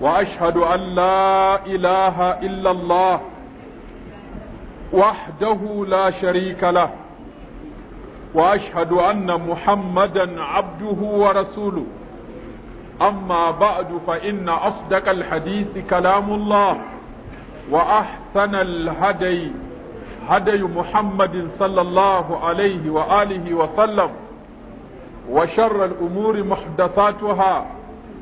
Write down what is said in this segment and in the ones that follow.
وأشهد أن لا إله إلا الله وحده لا شريك له وأشهد أن محمدا عبده ورسوله أما بعد فإن أصدق الحديث كلام الله وأحسن الهدي هدي محمد صلى الله عليه وآله وسلم وشر الأمور محدثاتها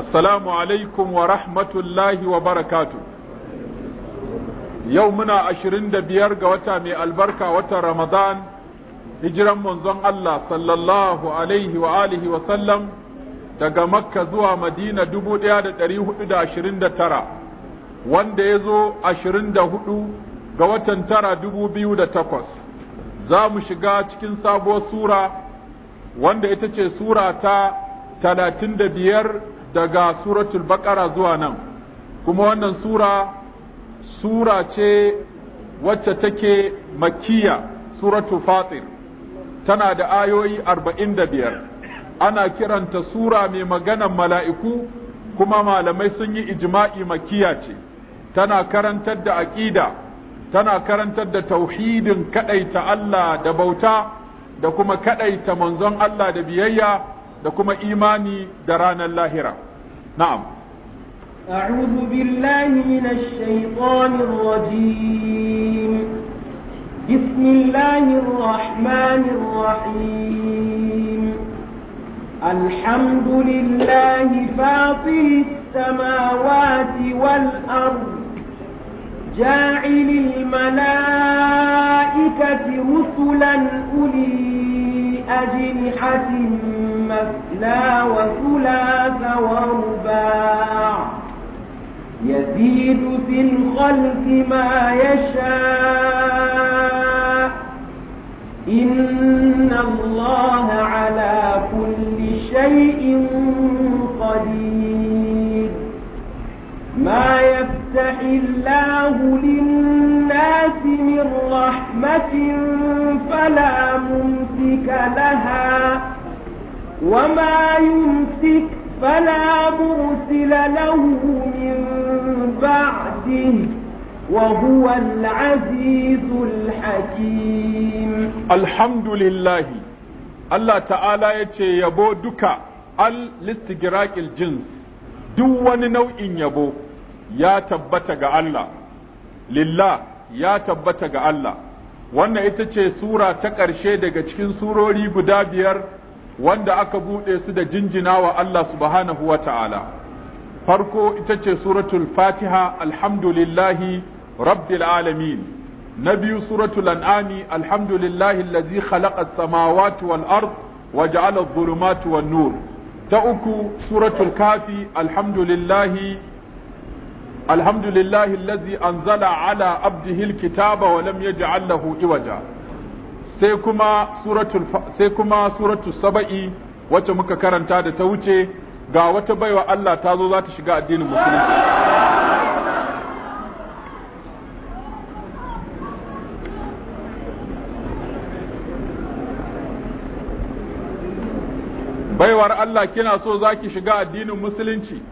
assalamu alaikum wa rahmatullahi wa barakatu yau muna ashirin da biyar ga wata mai albarka watan ramadan hijiran manzon Allah sallallahu alaihi wa alihi wa sallam daga makka zuwa madina dubu ɗaya da ɗari hudu da ashirin da tara wanda ya zo ashirin da hudu ga watan tara dubu biyu da takwas za mu shiga cikin sabuwar sura wanda ita ce sura ta talatin da biyar daga suratul baqara zuwa nan kuma wannan sura sura ce wacce take makiya, suratul fatir tana da ayoyi arba'in da biyar ana kiranta sura mai maganan mala'iku kuma malamai sun yi ijma'i makiya ce tana karantar da aƙida tana karantar da tauhidin kaɗaita Allah da bauta da kuma kaɗaita manzon Allah da biyayya da kuma imani da ranar lahira na'am a'udhu billahi minash shaitanir rajim bismillahir rahmanir rahim alhamdulillahi fatir samawati wal ardh جاعل الملائكة رسلا أولي أجنحة مثلا وثلاث ورباع يزيد في الخلق ما يشاء إن الله على كل شيء قدير ما يفتح الله للناس من رحمة ولا ممسك لها وما يمسك فلا مرسل له من بعده وهو العزيز الحكيم الحمد لله الله تعالى يتي يبو دكا الاستقراق الجنس duk wani nau'in yabo ya tabbata ga Allah, lillah ya tabbata ga Allah, wannan ita ce sura ta ƙarshe daga cikin surori guda biyar wanda aka buɗe su da jinjina wa Allah subhanahu wa ta'ala farko ita ce suratul fatiha alhamdulillahi rabbil alamin na biyu suratul an'ami alhamdulillahi allazi khalaqa khalaƙa samawati wal ard wa ja'ala adh-dhulumati wan nur ta uku suratul kafi alhamdulillahi الحمد لله الذي أنزل على عبده الكتاب ولم يجعل له إوجا سيكما سورة, الف... السبعي wacce muka karanta da ta wuce ga wata baiwa Allah ta zo za ta shiga addinin musulunci baiwar Allah kina so za ki shiga addinin musulunci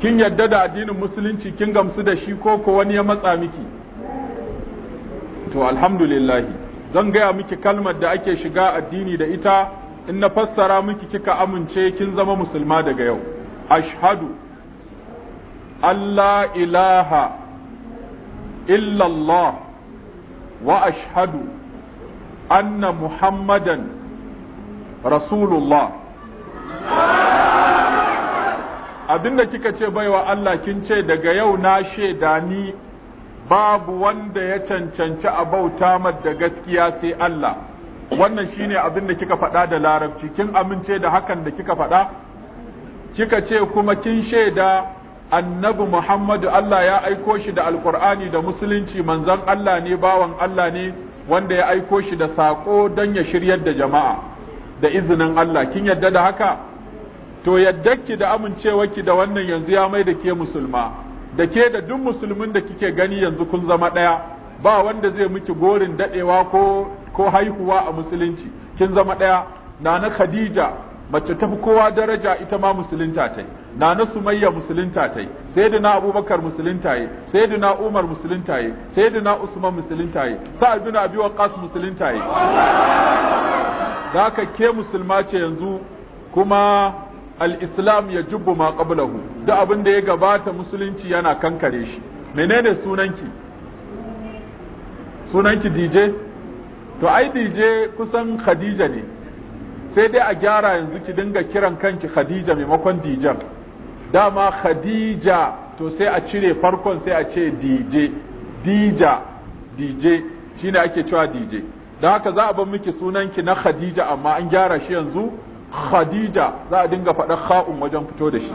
kin yadda da addinin musulunci kin gamsu da shi ko ko wani ya matsa miki to alhamdulillah zan gaya miki kalmar da ake shiga addini da ita in na fassara miki kika amince kin zama musulma daga yau ashhadu Allah ilaha illallah wa ashhadu anna muhammadan rasulullah abinda kika ce baiwa Allah kin ce daga yau na shaida ni babu wanda ya cancanci a bauta da gaskiya sai Allah wannan shine abin da kika faɗa da larabci kin amince da hakan da kika faɗa kika ce kuma kin shaida annabi Muhammadu Allah ya aiko shi da alkur'ani da musulunci manzon Allah ne bawan Allah ne wanda ya aiko shi da saƙo don ya shiryar da jama'a da izinin Allah kin yadda da haka to ki da amincewarki da wannan yanzu ya mai da ke musulma da ke da duk musulmin da kike gani yanzu kun zama ɗaya ba wanda zai miki gorin daɗewa ko ko haihuwa a musulunci kin zama ɗaya nana khadija mace tafi kowa daraja ita ma musulunta ta nana sumayya musulunta ta sayyidina abubakar musulunta yi sayyidina umar musulunta yi sayyidina usman musulunta yi sa'ad abi waqas musulunta yi da ke musulma ce yanzu kuma al-islam ya jubbu ma qablahu duk abin da ya gabata musulunci yana kankare shi menene sunanki sunanki DJ to ai DJ kusan Khadija ne sai dai a gyara yanzu ki dinga kiran kanki Khadija maimakon DJ dama Khadija to sai a cire farkon sai a ce DJ Dija DJ shine ake cewa DJ Da haka za a bar miki sunanki na Khadija amma an gyara shi yanzu khadija za a dinga faɗa kha'un wajen fito da shi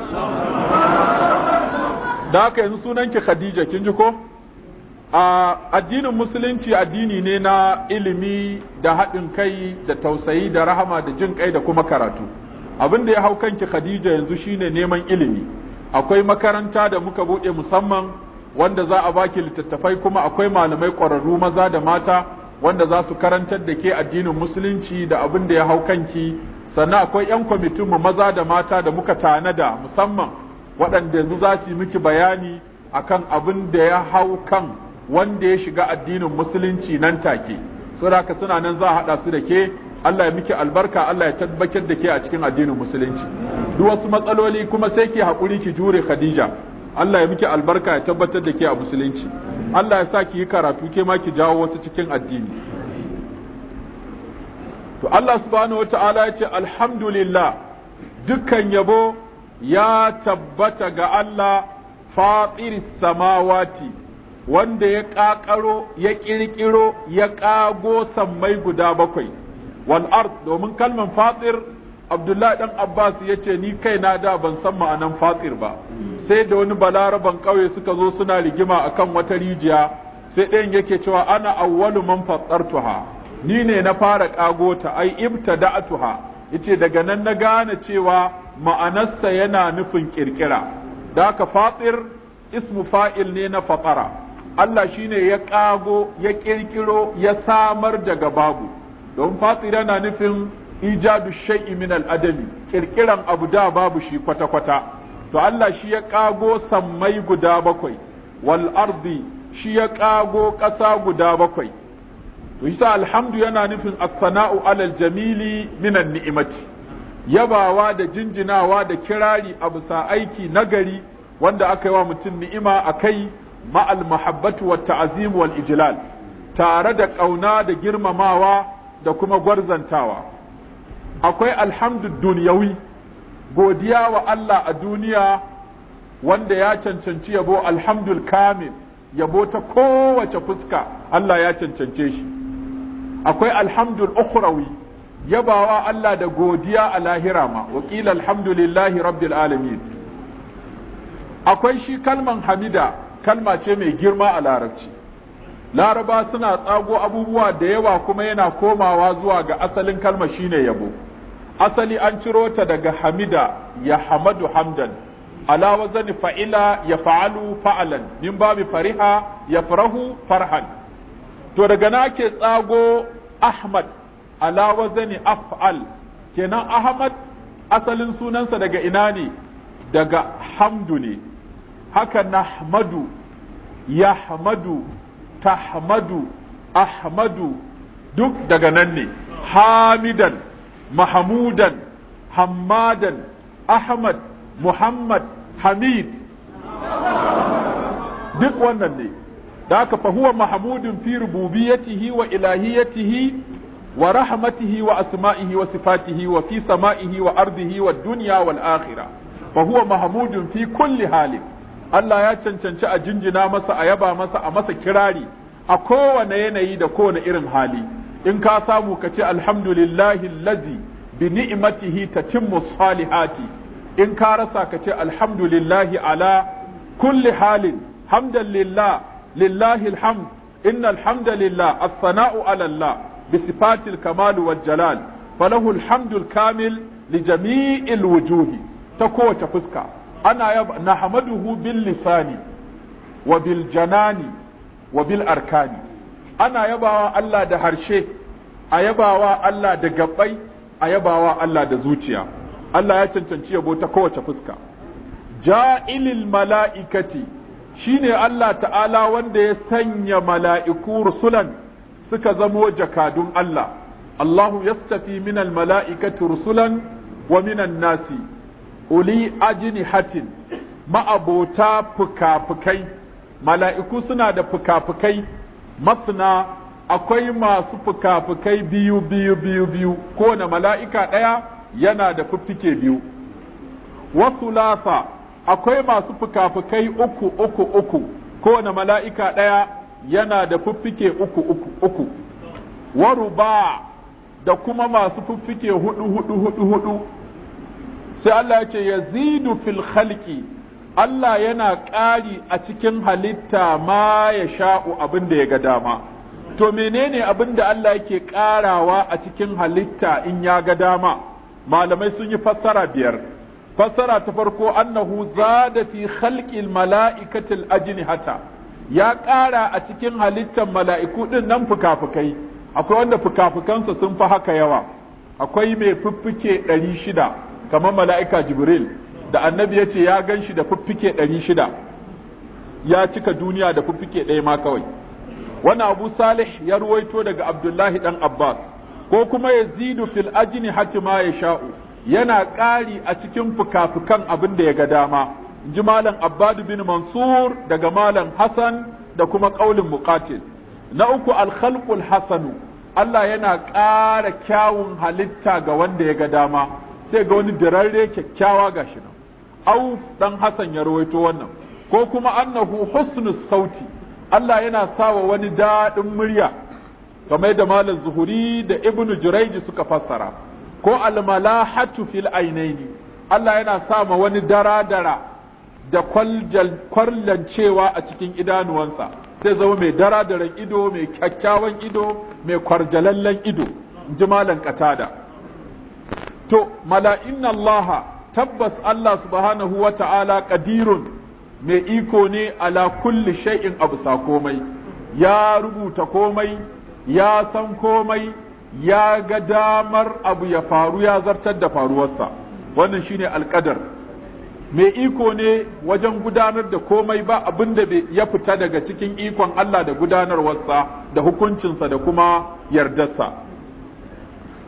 da haka yanzu sunanki khadija kin ji ko a addinin musulunci addini ne na ilimi da haɗin kai da tausayi da rahama da jin kai da kuma karatu abin da ya hau kanki khadija yanzu shine neman ilimi akwai makaranta da muka buɗe musamman wanda za a baki littattafai kuma akwai malamai ƙwararru maza da mata wanda za su karantar da ke addinin musulunci da abin da ya hau kanki sannan akwai 'yan kwamitinmu maza da mata da muka tana da musamman waɗanda yanzu za su miki bayani akan abin da ya hau kan wanda ya shiga addinin musulunci nan take saboda suna nan za a haɗa su da ke Allah ya miki albarka Allah ya tabbatar da ke a cikin addinin musulunci duk wasu matsaloli kuma sai ki haƙuri ki jure Khadija Allah ya miki albarka ya tabbatar da ke a musulunci Allah ya sa ki yi karatu ke ma ki jawo wasu cikin addini to Allah subhanahu wata'ala ya ce alhamdulillah dukkan yabo ya tabbata ga Allah fatiris samawati wanda ya ƙaƙaro ya ƙirƙiro ya ƙago sammai guda bakwai wal domin kalman fatir Abdullahi ɗan Abbas ya ce ni na da ban san ma'anan fatir ba sai da wani balaraban ƙauye suka zo suna rigima akan wata rijiya sai ɗayan yake cewa ana awwalu man fatartuha ni ne na fara kago ta ai ibtada'atuha yace daga nan na gane cewa ma'anarsa yana nufin kirkira da ka fatir ismu fa'il ne na fatara Allah shine ya kago ya kirkiro ya samar daga babu don fatir yana nufin ijadu shay'i min al-adami kirkiran abu da babu shi kwata kwata to Allah shi ya kago sammai guda bakwai wal ardi shi ya kago ƙasa guda bakwai to yasa alhamdu yana nufin as-sana'u alal jamili minan ni'imati yabawa da jinjinawa da kirari a bisa aiki nagari wanda aka yi wa mutum ni'ima a kai ma'al muhabbatu wa ta'azim wal ijlal tare da ƙauna da girmamawa da kuma gwarzantawa akwai alhamdu dunyawi godiya wa Allah a duniya wanda ya cancanci yabo alhamdul kamil yabo ta kowace fuska Allah ya cancance shi akwai alhamdul ukhrawi yabawa Allah da godiya a lahira ma wa qila alhamdulillahi rabbil alamin akwai shi kalman hamida kalma ce mai girma a larabci laraba suna tsago abubuwa da yawa kuma yana komawa zuwa ga asalin kalma shine yabo asali an ciro ta daga hamida ya hamadu hamdan ala wazani fa'ila ya fa'alu fa'alan min babi fariha ya farahu farhan to daga na ke tsago ahmad ala wazani af'al kenan ahmad asalin sunansa daga ina ne daga hamdu ne haka nahmadu yahmadu tahmadu ahmadu duk daga nan ne hamidan mahamudan hammadan ahmad muhammad hamid duk wannan ne da haka fa huwa mahmudun fi rububiyyatihi wa ilahiyyatihi wa rahmatihi wa asma'ihi wa sifatihi wa fi sama'ihi wa ardihi wa dunya wal akhira. fa huwa mahmudun fi kulli halin Allah ya cancanci a jinjina masa a yaba masa a masa kirari a kowane yanayi da kowane irin hali in ka samu ka ce alhamdulillahi lazi bi ni'matihi tatimmu salihati in ka rasa ka ce alhamdulillahi ala kulli halin hamdan lillah lillahi alhamd innal hamdalillah as-sana'u 'ala Allah bi sifatil kamal wal jalal falahu kamil li jami'il wujuhi ta kowace fuska ana yaba nahmaduhu bil lisani wa bil janani wa bil arkani ana yabawa Allah da harshe a yabawa Allah da gabbai a yabawa Allah da zuciya Allah ya cancanci yabo ta kowace fuska ja'ilil mala'ikati Shi ne Allah ta'ala wanda ya sanya mala'iku rusulan suka zamo jakadun Allah Allahu yastafi minal mala'ikatu rusulan wa minan nasi uli hatin. ma'abota fuka-fukai mala'iku suna da fuka-fukai masna akwai masu fuka-fukai biyu biyu biyu biyu na mala'ika ɗaya yana da fiffike biyu wasu lasa akwai masu fukafukai uku uku uku kowane mala'ika ɗaya yana da fuffike uku uku uku waruba da kuma masu fuffike hudu hudu hudu hudu sai Allah ya ce yazidu fil khalqi Allah yana ƙari a cikin halitta ma ya sha'u abin da ya ga dama to menene abin da Allah yake ƙarawa a cikin halitta in ya ga dama malamai sun yi fassara biyar fassara ta farko annahu zada fi khalqil mala'ikatil ajnihata ya ƙara a cikin halittar mala'iku ɗin nan fukafukai akwai wanda fuka sun fi haka yawa akwai mai fiffike ɗari shida kamar mala'ika jibril da annabi ya ce ya gan shi da fiffike ɗari shida ya cika duniya da fiffike ɗaya ma kawai wani abu salih ya ruwaito daga abdullahi ɗan abbas ko kuma ya zidu fil ajini hatima ya sha'u yana ƙari a cikin fuka-fukan abin da ya ga dama in ji malam abbadu bin mansur daga malam hassan da kuma ƙaulin muqatil na uku alkhalqul Hassanu Allah yana ƙara kyawun halitta ga wanda ya ga dama sai ga wani dirarre kyakkyawa shi nan au dan Hassan ya rawaito wannan ko kuma annahu husnus sauti Allah yana sawa wani daɗin murya kamar da malam zuhuri da ibnu juraiji suka fassara ko almalahatu fil ainaini Allah yana sa ma wani dara-dara da kwarlancewa a cikin idanuwansa sai zama mai dara-daren ido mai kyakkyawan ido mai kwarjalallen ido ji katada to mala'in Allah tabbas Allah subhanahu wa ta'ala qadirun mai iko ne ala kulli shay'in abu sa komai ya rubuta komai ya san komai ya ga damar abu ya faru ya zartar da faruwarsa wannan shine alƙadar mai iko ne wajen gudanar da komai ba abin da ya fita daga cikin ikon Allah da gudanarwarsa da hukuncinsa da kuma yardarsa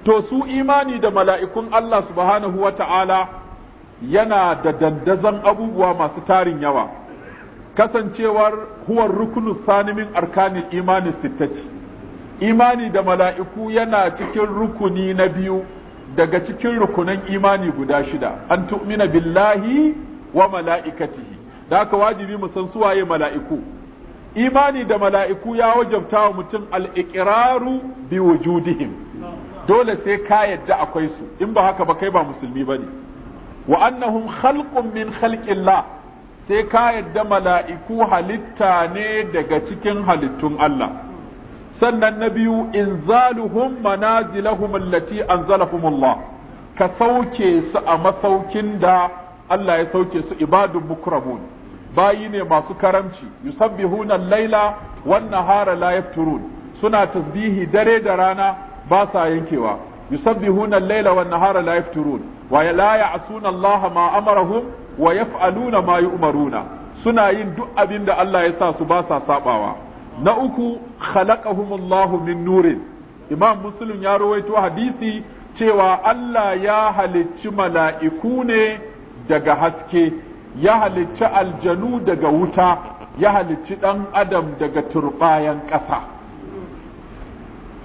to su imani da mala'ikun Allah subhanahu wa ta'ala yana da dandazon abubuwa masu tarin yawa kasancewar huwar Rukunus sanimin arkanin imanin sittaci imani da mala'iku yana cikin rukuni na biyu daga cikin rukunan imani guda shida an tu'mina billahi wa mala'ikatihi da haka wajibi mu san suwaye mala'iku imani da mala'iku ya wajabta wa mutum al'iƙiraru bi wujudihim dole sai ka yadda akwai su in ba haka ba kai ba musulmi ne. wa annahum khalqun min khalqillah sai ka yadda mala'iku halitta ne daga cikin halittun Allah sannan na biyu in inzaluhum manazilahum allati anzalahumullah ka sauke su a masaukin da Allah ya sauke su ibadun mukrabun bayi ne masu karamci yusabbihuna al-laila wan nahara la yafturun suna tasbihi dare da rana ba sa yankewa yusabbihuna al-laila wan nahara la yafturun wa la ya'suna Allah ma amarahum wa yaf'aluna ma yu'maruna suna yin duk abin da Allah ya sa su ba sa sabawa na uku khalaqahumullahu min nurin imam muslim ya rawaito hadisi cewa Allah ya halicci mala'iku ne daga haske ya halicci aljanu daga wuta ya halicci ɗan adam daga turbayan ƙasa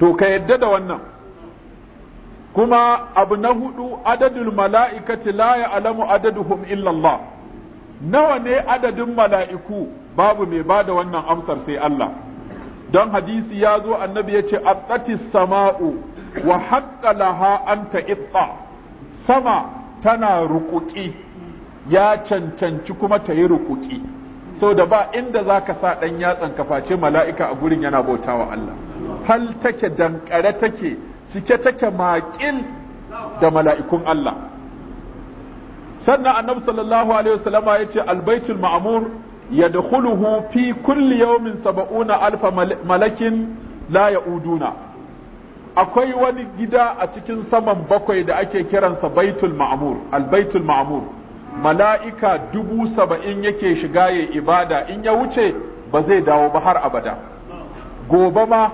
to ka yadda da wannan kuma abu na hudu adadin mala'ikati la ya alamu adaduhum illallah nawa ne adadin mala'iku babu mai bada wannan amsar sai Allah don hadisi ya zo annabi ya ce attatis sama'u wa haqqa laha an ta'itta sama tana rukuki ya cancanci kuma ta yi rukuki so da ba inda za ka sa ɗan yatsan kaface mala'ika a gurin yana bautawa Allah hal take dankare take cike take maƙil da mala'ikun Allah sannan annabi sallallahu alaihi wasallama ya ce albaitul ma'amur yadkhuluhu fi kulli yawmin 70 alfa malakin la yauduna akwai wani gida a cikin saman bakwai da ake kiransa baitul ma'mur albaitul ma'mur mala'ika dubu saba'in yake shiga ya ibada in ya wuce ba zai dawo ba har abada gobe ma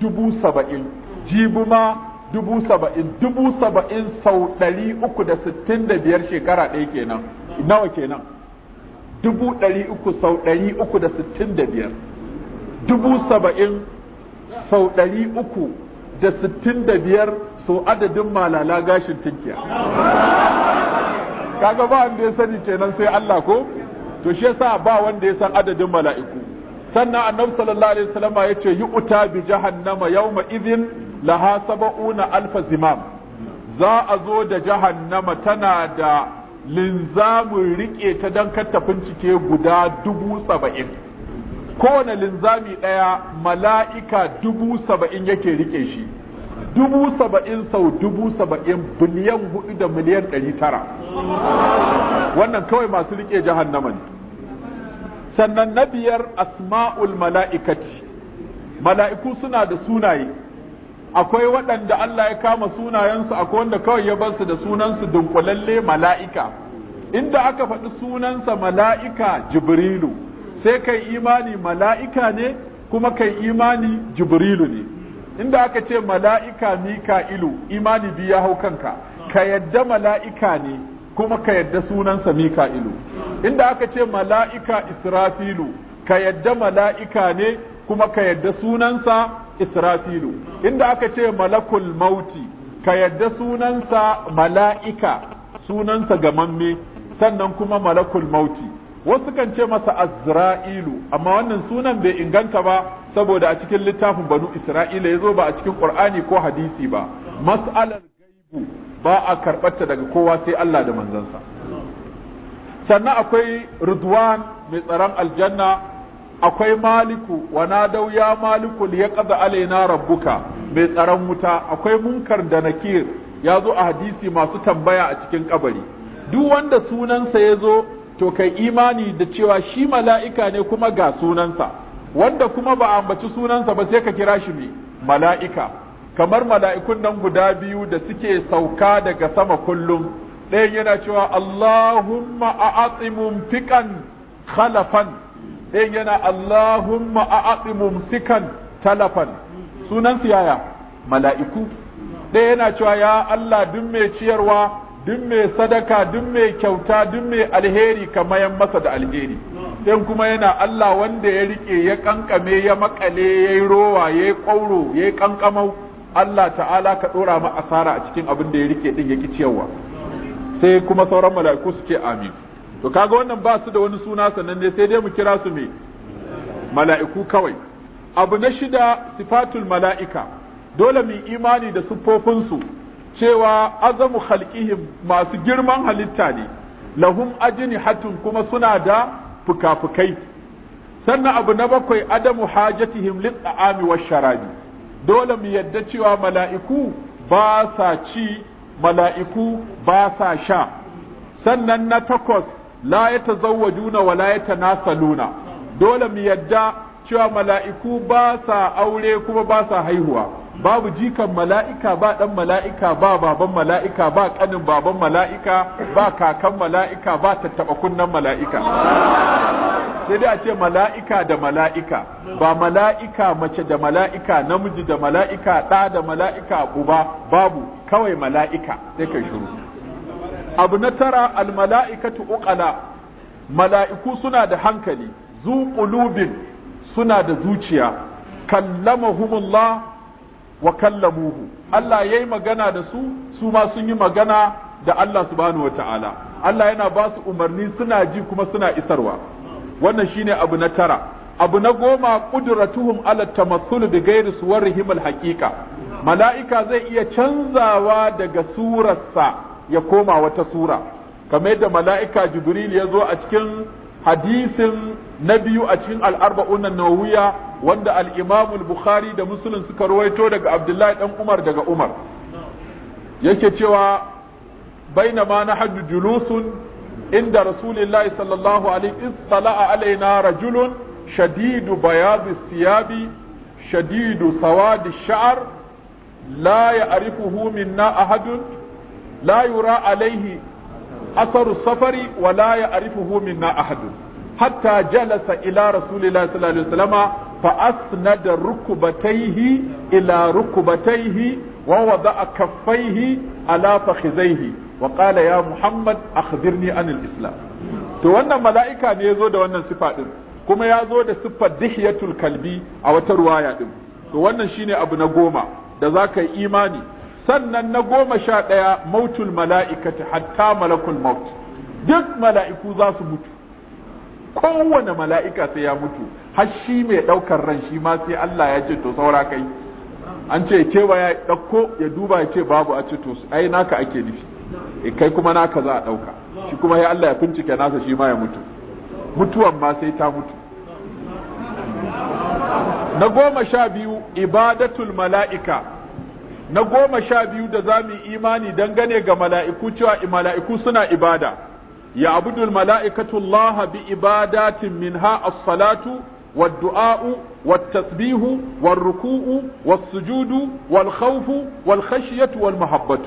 dubu saba'in jibu ma dubu saba'in dubu saba'in sau ɗari uku da sittin da biyar shekara ɗaya kenan nawa kenan dubu ɗari uku sau ɗari uku da sittin da biyar dubu saba'in sau ɗari uku da sittin da biyar sau adadin malala gashin tinkiya kaga ba wanda ya sani kenan sai Allah ko to shi yasa ba wanda ya san adadin mala'iku sannan annabi sallallahu alaihi wasallama yace yu'ta bi jahannama yawma idhin laha sab'una alf zimam za a zo da jahannama tana da linzamin riƙe ta don kattafin cike guda dubu saba'in kowane linzami ɗaya mala'ika dubu saba'in yake riƙe shi dubu saba'in sau dubu saba'in biliyan hudu da miliyan ɗari tara wannan kawai masu riƙe jahannama ne sannan na biyar asma'ul mala'ikati mala'iku suna da sunaye akwai waɗanda Allah ya kama sunayensu akwai wanda kawai ya bar su da sunansu dunkulalle mala'ika inda aka faɗi sunansa mala'ika jibrilu sai kai imani mala'ika ne kuma kai imani jibrilu ne inda aka ce mala'ika mika'ilu imani biyu ya hau kanka ka yadda mala'ika ne kuma ka yadda sunansa mika'ilu inda aka ce mala'ika israfilu ka yadda mala'ika ne kuma ka yadda sunansa Israfilu inda aka ce malakul mauti ka yadda sunansa mala'ika sunansa gamamme sannan kuma malakul mauti wasu kan ce masa azra'ilu amma wannan sunan bai inganta ba saboda a cikin littafin banu isra'ila ya zo ba a cikin ƙur'ani ko hadisi ba mas'alar gaibu ba a karɓarta daga kowa sai Allah da manzansa sannan akwai ridwan mai tsaron aljanna akwai maliku wa dau ya maliku li kaza alaina rabbuka mai tsaron wuta akwai munkar da nakir ya zo a hadisi masu tambaya a cikin kabari duk wanda sunansa ya zo to kai imani da cewa shi mala'ika ne kuma ga sunansa wanda kuma ba a ambaci sunansa ba sai ka kira shi mai mala'ika kamar mala'ikun nan guda biyu da suke sauka daga sama kullum ɗayan yana cewa Allahumma a fiƙan khalafan ɗayan yana allahun ma’a’aɗi mumsikan talafan sunan yaya, mala'iku ɗaya yana cewa ya Allah duk mai ciyarwa duk mai sadaka duk mai kyauta duk mai alheri ka mayan masa da alheri ɗayan kuma yana Allah wanda ya rike ya ƙanƙame, ya maƙale, ya yi rowa ya yi ƙwauro ya yi ƙanƙamau Allah ta'ala ka ɗora ma'asara a cikin abin da ya rike ɗin ya ki ciyarwa sai kuma sauran mala'iku su ce amin to kaga wannan ba su da wani suna sannan ne sai dai mu kira su me mala'iku kawai abu na shida sifatul mala'ika dole mu imani da siffofinsu cewa azamu khalqihim masu girman halitta ne lahum hatun kuma suna da fukafukai sannan abu na bakwai adamu hajatihim lit'ami sharabi dole mu yadda cewa mala'iku ba sa ci mala'iku ba sa sha sannan na takwas la juna wa la yatanasaluna dole mu yadda cewa mala'iku ba sa aure kuma ba sa haihuwa babu jikan mala'ika ba ɗan mala'ika ba baban mala'ika ba ƙanin baban mala'ika ba kakan mala'ika ba tattaɓa kunnen mala'ika sai dai a ce mala'ika da mala'ika ba mala'ika mace da mala'ika namiji da mala'ika ɗa da mala'ika uba babu kawai mala'ika sai kai shuru abu na tara almala'ikatu uƙala mala'iku suna da hankali zuƙulubin suna da zuciya Kallama kallamahumullah wa kallamuhu Allah ya yi magana da su su ma sun yi magana da Allah subhanahu ta’ala Allah yana ba su umarni suna ji kuma suna isarwa wannan shine abu na tara abu na goma qudratuhum ala tamathul da ghairi suwar al haƙiƙa. mala'ika zai iya canzawa daga surarsa ya koma wata sura kamar yadda mala'ika jibril ya zo a cikin hadisin na biyu a cikin al'arba'un nan nawiya wanda al'imamul bukhari da musulun suka rawaito daga abdullahi dan umar daga umar yake cewa bainama na hadu julusun inda rasulillahi sallallahu alaihi sala'a alaina rajulun shadidu bayadu siyabi shadidu sawadi sha'ar la ya arifuhu minna ahadun Layura yura alaihi asaru safari wa la ya'rifuhu minna ahadun hatta jalasa ila rasulillahi sallallahu alaihi wasallama fa asnada rukbatayhi ila rukbatayhi wa wada'a kaffaihi ala fakhizaihi wa qala ya muhammad akhbirni anil islam to wannan mala'ika ne yazo da wannan sifa din kuma ya zo da siffar dihiyatul kalbi a wata ruwaya din to wannan shine abu na goma da za ka yi imani sannan na goma sha ɗaya mautul mala'ikati hatta malakul maut duk mala'iku za su mutu kowane mala'ika sai ya mutu har shi mai ɗaukar ran shi ma sai Allah ya ce to saura kai an ce kewa ya ɗauko ya duba ya ce babu a ce to ai naka ake nufi e kai kuma naka za a ɗauka shi kuma ya Allah ya bincike nasa shi ma ya mutu mutuwan ma sai ta mutu na goma sha biyu ibadatul mala'ika na goma sha biyu da za mu yi imani dangane ga mala'iku cewa mala'iku suna ibada ya abudul mala'ikatu Allah bi ibadatin minha as-salatu والدعاء والتسبيح والركوع والسجود والخوف والخشية والمحبة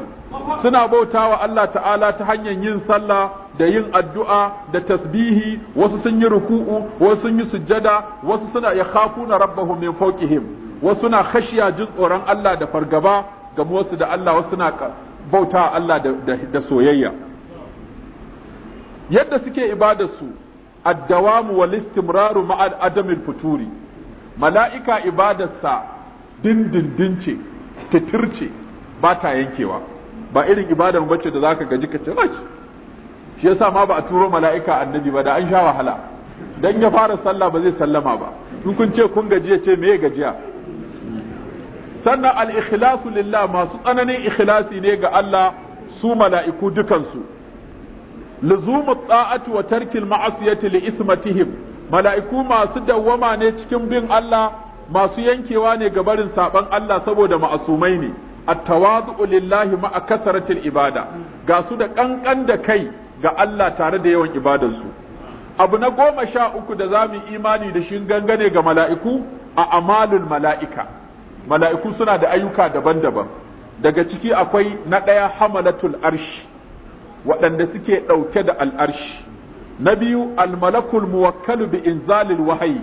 سنا Allah Ta'ala Ta hanyar yin sallah da yin addu'a da tasbihi wasu sun yi ruku'u wasu sun yi sujjada wasu suna ya khafuna rabbahum min fawqihim wasu na khashiya jin tsoron Allah da fargaba ga wasu da Allah wasu na bauta Allah da soyayya yadda suke ibadarsu addawamu wal istimraru ma'a adamil futuri mala'ika ibadarsa dindindin ce titirce ba ta yankewa ba irin ibadar bace da zaka gaji ka ce shi yasa ma ba a turo mala'ika annabi ba da an sha wahala dan ya fara sallah ba zai sallama ba in kun ce kun gajiya ce me gajiya sannan al-ikhlasu lillah masu tsananin ikhlasi ne ga Allah su mala'iku dukansu luzumu ta'atu wa tarkil ma'asiyati li ismatihim mala'iku masu dawwama ne cikin bin Allah masu yankewa ne ga barin saban Allah saboda ma'asumai ne at-tawadu'u lillahi ma'a kasaratil ibada ga su da kankan da kai ga Allah tare da yawan ibadarsu abu na goma sha uku da za mu imani da shi gangane ga mala'iku a amalul mala'ika mala'iku suna da ayyuka daban-daban daga ciki akwai na ɗaya hamalatul arshi waɗanda suke ɗauke da al'arshi na biyu almalakul muwakkalu bi inzalil wahayi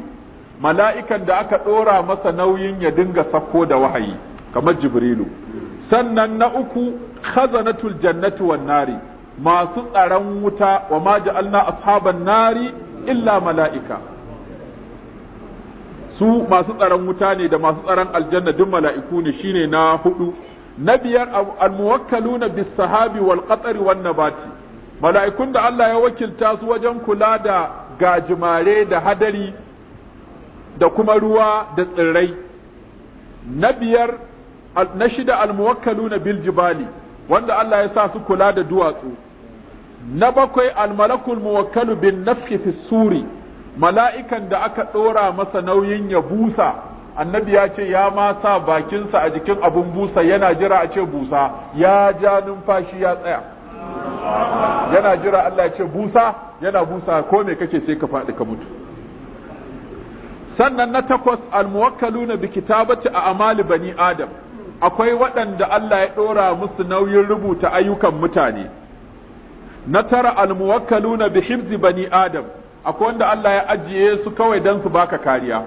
mala'ikan da aka ɗora masa nauyin ya dinga sako da wahayi kamar jibrilu sannan na uku khazanatul jannati wan nari masu tsaron wuta wa ma ja'alna ashaban nari illa mala'ika su masu tsaron wuta ne da masu tsaron aljanna duk mala'iku ne shine na hudu na biyar almuwakkaluna bis sahabi wal qatari wan nabati mala'ikun da Allah ya wakilta su wajen kula da gajimare da hadari da kuma ruwa da tsirrai na biyar na shida almuwakkaluna bil jibali wanda Allah ya sa su kula da duwatsu na bakwai almalakul muwakkalu bin nafsi fi suri mala'ikan da aka ɗora masa nauyin ya busa annabi ya ce ya ma sa bakinsa a jikin abun busa yana jira a ce busa ya ja numfashi ya tsaya yana jira Allah ya ce busa yana busa ko me kake sai ka faɗi ka mutu sannan na takwas na bi kitabati a amali bani adam akwai waɗanda Allah ya ɗora musu nauyin rubuta ayyukan mutane na tara almuwakkaluna bi bani adam akwai wanda Allah ya ajiye su kawai dan su baka kariya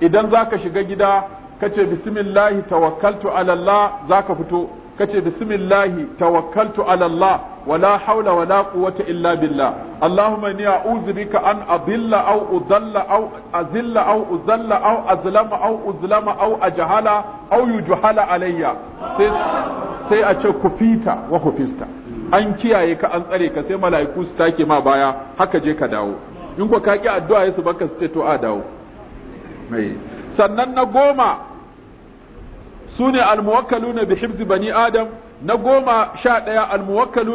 idan zaka shiga gida kace bismillahi tawakkaltu ala Allah zaka fito kace bismillahi tawakkaltu ala Allah wala haula wala quwwata illa billah allahumma inni a'udhu bika an adilla aw udalla aw azilla aw uzalla aw azlama aw uzlama aw ajhala aw yujhala alayya sai a ce kufita wa kufista an kiyaye ka an tsare ka sai mala'iku su take ma baya haka je ka dawo in ko ka ki addu'a ya baka su ce to a dawo sannan na goma su ne almuwakkaluna bi Hibzi bani adam na goma sha ɗaya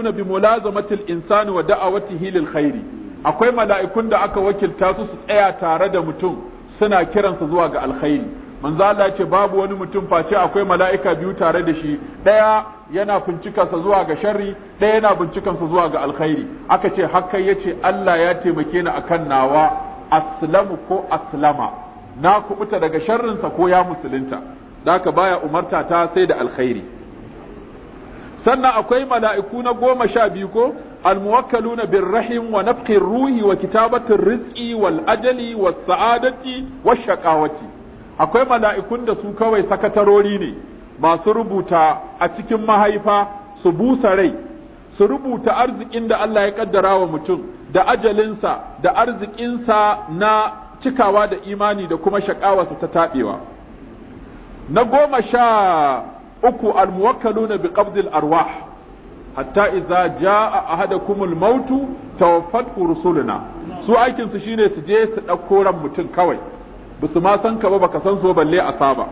na bi mulazamatil insani wa da'awatihi lil khairi akwai mala'ikun da aka wakilta su su tsaya tare da mutum suna kiransa zuwa ga alkhairi manzo Allah ce babu wani mutum face akwai mala'ika biyu tare da shi ɗaya yana sa zuwa ga sharri ɗaya yana bincikarsa zuwa ga alkhairi aka ce haka yace Allah ya taimake ni akan nawa aslamu ko aslama na kubuta daga sharrinsa ko ya musulunta daka baya umarta ta sai da alkhairi sannan akwai mala'iku na goma sha biyu ko wa nafkin wa بالرحم rizqi wal ajali was sa'adati was shaqawati akwai mala'ikun da su kawai sakatarori ne masu rubuta a cikin mahaifa su busa rai su rubuta arzikin da Allah ya kaddara wa mutum da ajalinsa da arzikinsa na cikawa da imani da kuma shaƙawasa ta taɓewa na goma sha uku na bi qabdil arwah hatta idza jaa ahadakumul mautu ta rusuluna su aikinsu su shine su je su ɗauko ran mutum kawai ba su ma san ka ba baka san so balle a saba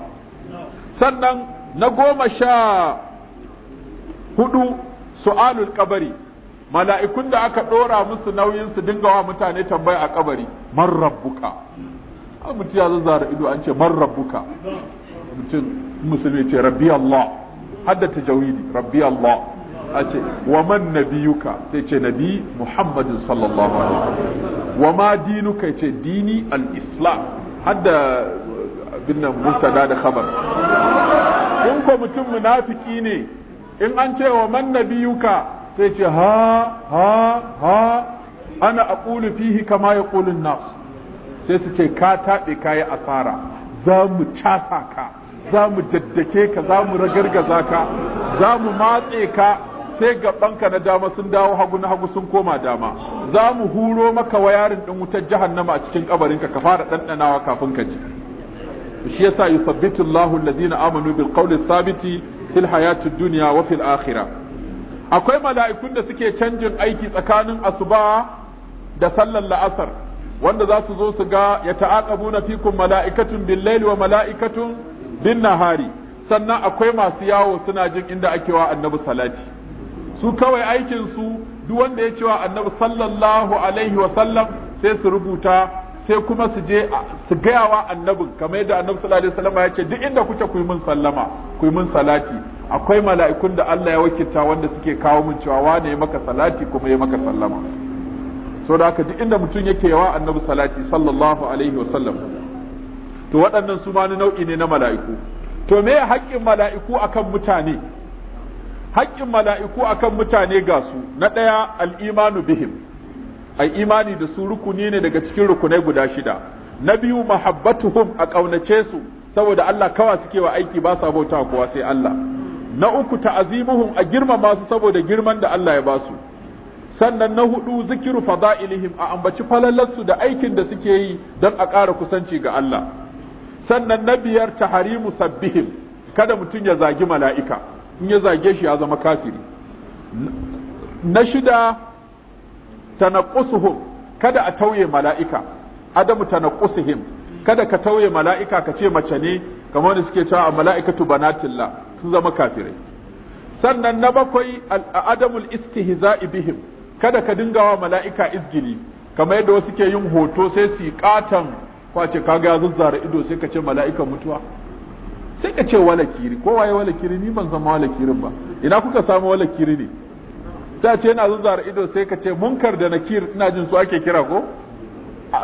sannan na goma sha hudu su'alul kabari mala'ikun da aka dora musu nauyin su dinga wa mutane tambaya a kabari man rabbuka mutum ya zazzara ido an ce man rabbuka mutum musulmi ce rabbi Allah haddata tajawidi rabbi Allah a ce wa man nabiyuka sai ce nabi Muhammadin sallallahu alaihi wasallam wa ma dinuka ce dini al-islam hadda binnan mustada da khabar in ko mutum munafiki ne in an ce wa man nabiyuka sai ce ha ha ha ana aqulu fihi kama yaqulu nas sai su ce ka taɓe kayi asara za mu casa ka za mu daddake ka za mu ragargaza ka za mu matse ka sai gabanka na dama sun dawo hagu na hagu sun koma dama za mu huro maka wayarin din wutar jahannama a cikin kabarinka ka fara ɗanɗanawa kafin ka ji shi yasa yusabbitu Allahu alladhina amanu bil qawli thabiti fil hayati dunya wa fil akhirah akwai mala'ikun da suke canjin aiki tsakanin asuba da sallar la'asar wanda za su zo su ga ya ta'aqabuna fikum mala'ikatun bil layli wa mala'ikatun bin nahari sannan akwai masu yawo suna jin inda ake wa annabi salati su kawai aikinsu duk wanda ya cewa annabi sallallahu alaihi wasallam sai su rubuta sai kuma su je su gaya wa annabin kamar yadda annabi sallallahu alaihi wasallam ya ce duk inda kuke ku yi mun sallama ku yi mun salati akwai mala'ikun da Allah ya wakilta wanda suke kawo mun cewa wane ya maka salati kuma ya maka sallama da haka duk inda mutum yake yawa annabi salati sallallahu alaihi wasallam to waɗannan su ma nau'i ne na mala'iku to me haƙƙin mala'iku akan mutane haƙƙin mala'iku akan mutane ga su na ɗaya al'imanu bihim ai imani da su rukuni ne daga cikin rukunai guda shida na biyu mahabbatuhum a ƙaunace su saboda Allah kawa suke wa aiki ba sa bauta kuwa sai Allah na uku ta'azimuhum a girmama su saboda girman da Allah ya ba su sannan na hudu zikiru fada'ilihim a ambaci falalarsu da aikin da suke yi don a ƙara kusanci ga Allah sannan na biyar taharimu sabbihim kada mutum ya zagi mala'ika in ya zage shi ya zama kafiri na shida tanaqqusuhum kada a tauye mala'ika adamu tanaqqusuhum kada ka tauye mala'ika ka ce mace ne kamar wanda suke cewa mala'ikatu banatillah sun zama kafirai sannan na bakwai adamul istihza'i bihim kada ka dinga wa mala'ika izgili kamar yadda wasu ke yin hoto sai su katan kwace kaga ya zuzzara ido sai ka ce mala'ikan mutuwa sai ka ce wala kiri ko waye wala kiri ni ban san wala kirin ba ina kuka samu wala kiri ne ta ce yana zuzzara ido sai ka ce munkar da nakir ina jin su ake kira ko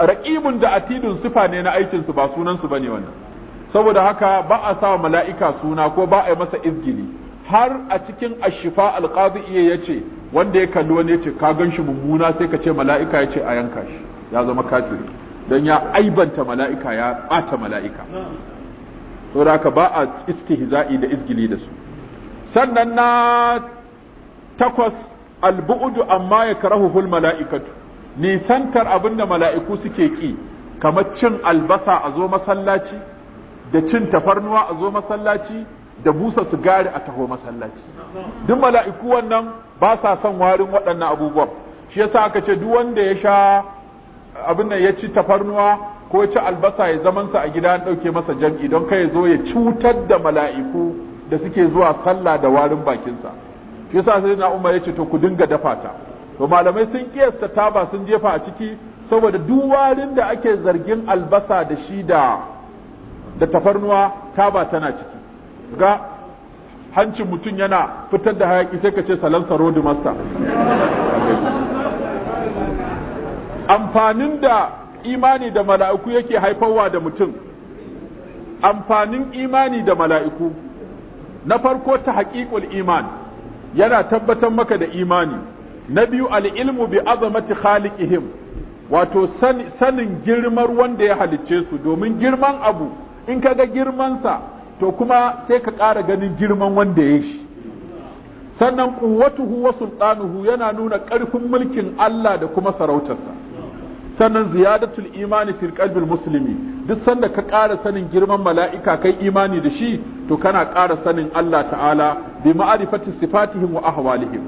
raqibun da atidun sifa ne na aikin su ba sunan su bane wannan saboda haka ba a sa mala'ika suna ko ba a yi masa izgili har a cikin ashifa alqazi iya yace wanda ya kalli wani yace ka ganshi shi mummuna sai ka ce mala'ika yace a yanka shi ya zama kafiri dan ya aibanta mala'ika ya bata mala'ika saboda haka ba a istihza'i da izgili da su sannan na takwas albu'udu amma ya hul mala'ikatu nisantar abin da mala'iku suke ki kamar cin albasa a zo masallaci da cin tafarnuwa a zo masallaci da busa sigari a taho masallaci duk mala'iku wannan ba sa son warin waɗannan abubuwan shi yasa aka ce duk wanda ya sha abin nan ya ci tafarnuwa ko ci albasa ya zamansa a gida an ɗauke masa jam'i don kai zo ya cutar da mala'iku da suke zuwa sallah da warin bakinsa shi yasa sai na umar yace to ku dinga dafa ta to malamai sun kiyasta taba sun jefa a ciki saboda duk warin da ake zargin albasa da shi da da tafarnuwa taba tana ciki ga hancin mutum yana fitar da hayaki sai ka ce salansa road master amfanin da imani da mala'iku yake haifarwa da mutum amfanin imani da mala'iku na farko ta haƙiƙul iman yana tabbatar maka da imani na biyu al'ilmu bi azamati khaliqihim wato sanin girmar wanda ya halicce su domin girman abu in ka ga girmansa to kuma sai ka ƙara ganin girman wanda ya shi sannan ƙuwatuhu wa sultanuhu yana nuna ƙarfin mulkin Allah da kuma sarautarsa sannan ziyadatul imani fil qalbil muslimi duk sanda ka ƙara sanin girman mala'ika kai imani da shi to kana ƙara sanin Allah ta'ala bi ma'rifati sifatihim wa ahwalihim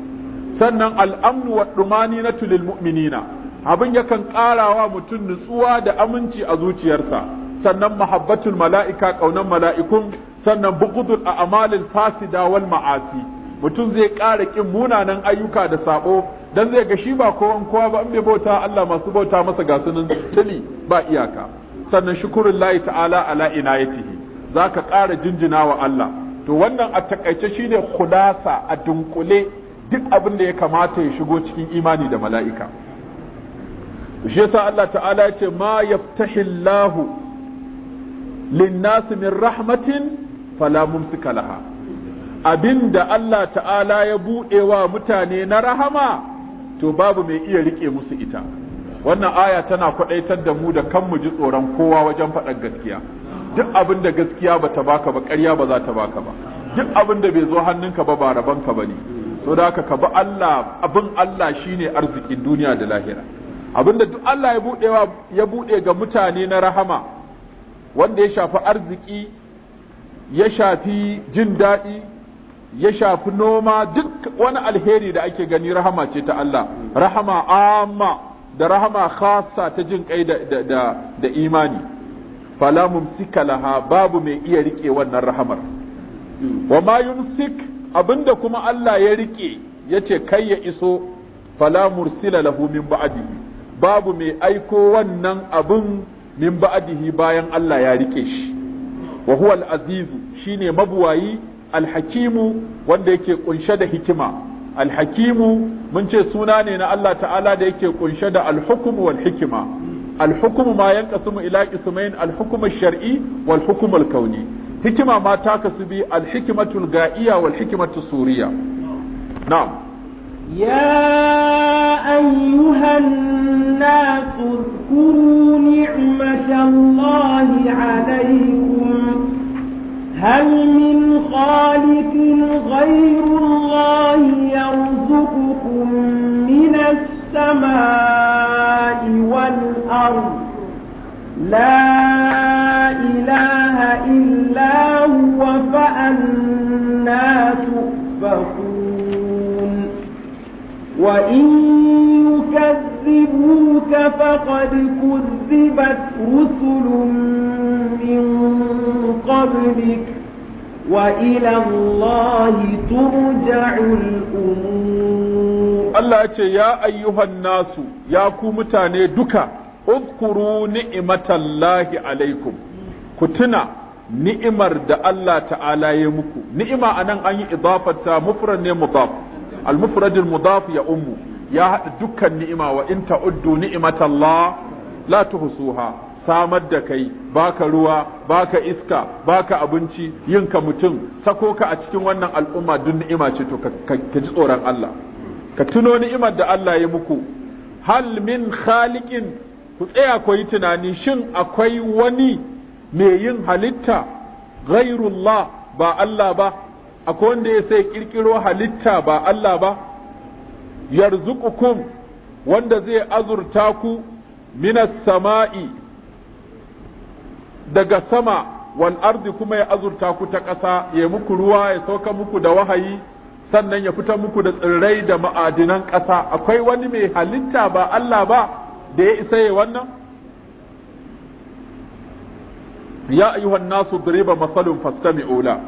sannan al'amnu wa dumaninatu lil mu'minina abin yakan ƙarawa mutum nutsuwa da aminci a zuciyarsa sannan mahabbatul mala'ika ƙaunar mala'ikun sannan bugudul a amalin fasida wal ma'asi mutum zai ƙara ƙin munanan ayyuka da sabo dan zai ga shi ba kowan kowa ba in bai bauta Allah masu bauta masa ga sunan tili ba iyaka sannan shukurin layi ta'ala ala inayatihi za ka ƙara jinjina wa Allah to wannan a takaice shine khulasa a dunkule duk abin da ya kamata ya shigo cikin imani da mala'ika shi yasa Allah ta'ala ya ce ma yaftahillahu linnasi min rahmatin fala mumsika laha abinda Allah ta'ala ya buɗe wa mutane na rahama to babu mai iya rike musu ita wannan aya tana kwadaitar da mu da kan mu ji tsoron kowa wajen faɗar gaskiya duk abin da gaskiya bata baka ba ƙarya ba za ta baka ba duk abin da bai zo hannunka ba ba rabanka ba ne so da haka ka bi Allah abin Allah shine arzikin duniya da lahira abin da duk Allah ya ya buɗe ga mutane na rahama wanda ya shafi arziki ya shafi jin daɗi ya shafi noma duk wani alheri da ake gani rahama ce ta Allah rahama amma da rahama khassa ta jin kai da imani fala mumsika laha babu mai iya rike wannan rahamar wa ma yumsik abinda kuma Allah ya rike yace kai ya iso fala mursila lahu min ba'dihi babu mai aiko wannan abin min ba'dihi bayan Allah ya rike shi wa huwa al-azizu shine mabuwayi alhakimu wanda yake kunshe da hikima alhakimu mun ce suna ne na Allah ta'ala da yake kunshe da alhukumu wal hikima alhukumu ma yanqasimu ila qismain alhukumu shar'i wal hukumu alkauni hikima ma ta kasu bi alhikmatul ga'iya wal hikmatu suriya na'am يا أيها الناس اذكروا نعمة الله عليكم هل من خالق غير الله يرزقكم من السماء والأرض لا إله إلا هو فأنا تؤفكون وإن يكذبوك فقد كذبت رسل من قبلك وإلى الله ترجع الأمور الله يا أيها الناس يا كومتاني دكا اذكروا نعمة الله عليكم كتنا ni'imar da Allah ta'ala ya muku ni'ima anan an yi idafata mufran ne mudaf al-mufrad al-mudaf ya ummu ya hada dukkan ni'ima wa in ta'uddu ni'matallah samar da kai baka ruwa baka iska baka abinci yinka mutum sako ka a cikin wannan al'umma duk ni'ima ce to ka ji tsoron Allah ka tuno ni'imar da Allah ya muku hal min khaliqin ku tsaya ku yi tunani shin akwai wani mai yin halitta ghairullah ba Allah ba akwai wanda ya sai kirkiro halitta ba Allah ba yarzuqukum wanda zai azurta ku minas sama'i daga sama wal ardi kuma ya azurta ku ta ƙasa ya muku ruwa ya sauka muku da wahayi sannan ya fita muku da tsirrai da ma'adinan ƙasa akwai wani mai halitta ba Allah ba da ya isa ya wannan ya ayyuhan nasu duriba masalun fastami ula.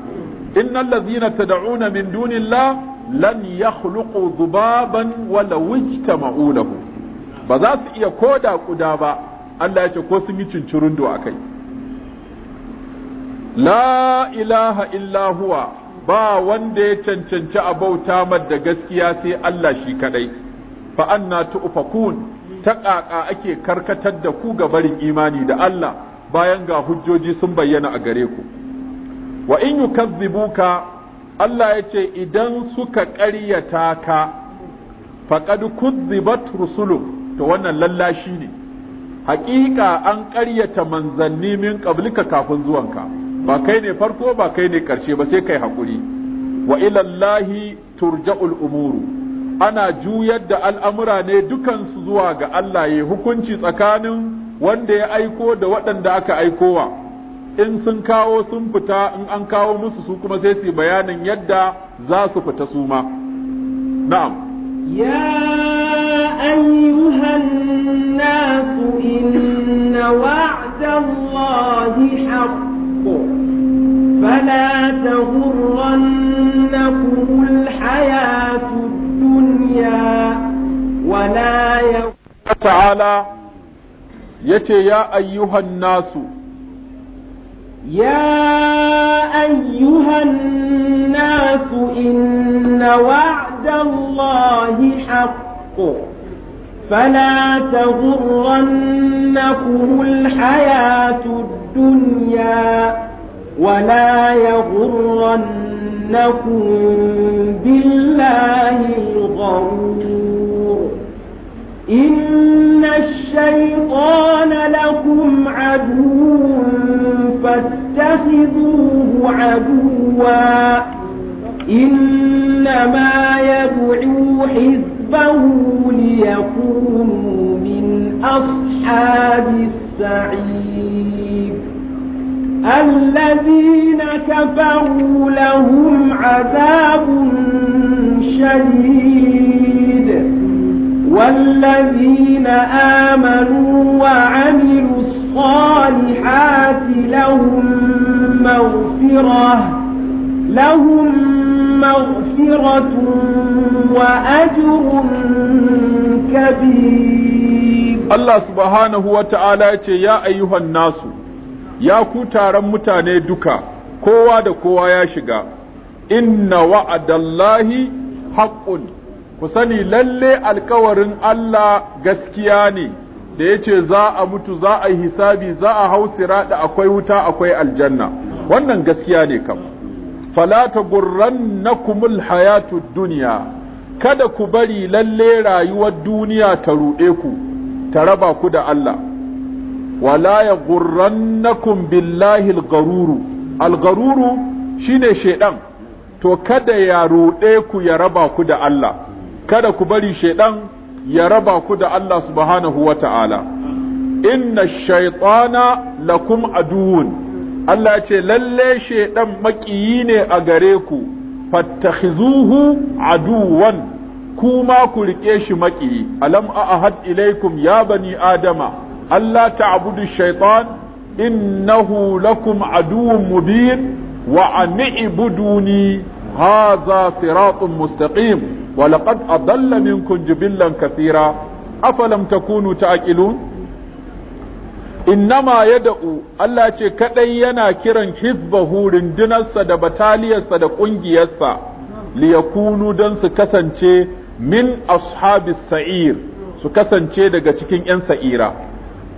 innal ladzina da'una min dunillah lan yakhluqu dhubaban wala wijtama'u lahu ba za su iya koda kuda ba Allah ya ce ko sun yi cincirin do akai la ilaha illa huwa ba wanda ya cancanci a bauta da gaskiya sai Allah shi kadai fa anna tu'fakun ta ƙaƙa ake karkatar da ku ga barin imani da Allah bayan ga hujjoji sun bayyana a gare ku wa in yukazzibuka Allah ya ce idan suka ƙaryata ka faqad kuzzibat rusulu to wannan lallashi ne haƙiƙa an ƙaryata manzanni min qablika kafin zuwanka ba kai ne farko ba kai ne ƙarshe ba sai kai haƙuri wa ilallahi turja'ul umuru ana juyar da al'amura ne dukansu zuwa ga Allah ya hukunci tsakanin wanda ya aiko da waɗanda aka aikowa in sun kawo sun fita in an kawo musu su kuma sai su bayanin yadda za su fita su ma. Na'am. Ya ayyuhan nasu inna wa'adan Allahi haqqo fala taghurrannakum hayatu dunya wa la ta'ala yace ya ayyuhan nasu يا أيها الناس إن وعد الله حق فلا تغرنكم الحياة الدنيا ولا يغرنكم بالله الغرور إن الشيطان لكم عدو فاتخذوه عدوا إنما يدعو حزبه ليكونوا من أصحاب السعير الذين كفروا لهم عذاب شديد والذين آمنوا وعملوا الصالحات لهم مغفرة لهم مغفرة وأجر كبير الله سبحانه وتعالى يا أيها الناس يا كتار متاني دكا كوا دكوا يا شقا إن وعد الله حق ku sani lalle alkawarin Allah gaskiya ne da ya ce za a mutu za a yi hisabi za a hau da akwai wuta akwai aljanna wannan gaskiya ne kam gurran na gurrannakumul hayatud dunya kada ku bari lalle rayuwar duniya ta ruɗe ku ta raba ku da Allah wala ya gurrannakum billahi algaruru algaruru shine shedan to kada ya ruɗe ku ya raba ku da Allah kada ku bari shedan ya raba ku da Allah subhanahu wa ta'ala inna shaitana lakum aduwun Allah ce lalle shaidan maƙiyi ne a gare ku fattakhizuhu aduwan kuma ku riƙe shi maƙiyi alam a ahad ilaikum ya bani adama Allah abudu shaitan innahu lakum aduwwun mubin wa an ibuduni hadha siratun mustaqim ولقد أضل منكم جبلا ta Akilu? تكونوا تعقلون إنما يدعو Allah ce kaɗai yana kiran hizbahu rundunarsa da bataliyarsa da ƙungiyarsa liyakunu don su kasance min ashabis sa'ir su kasance daga cikin 'yan sa'ira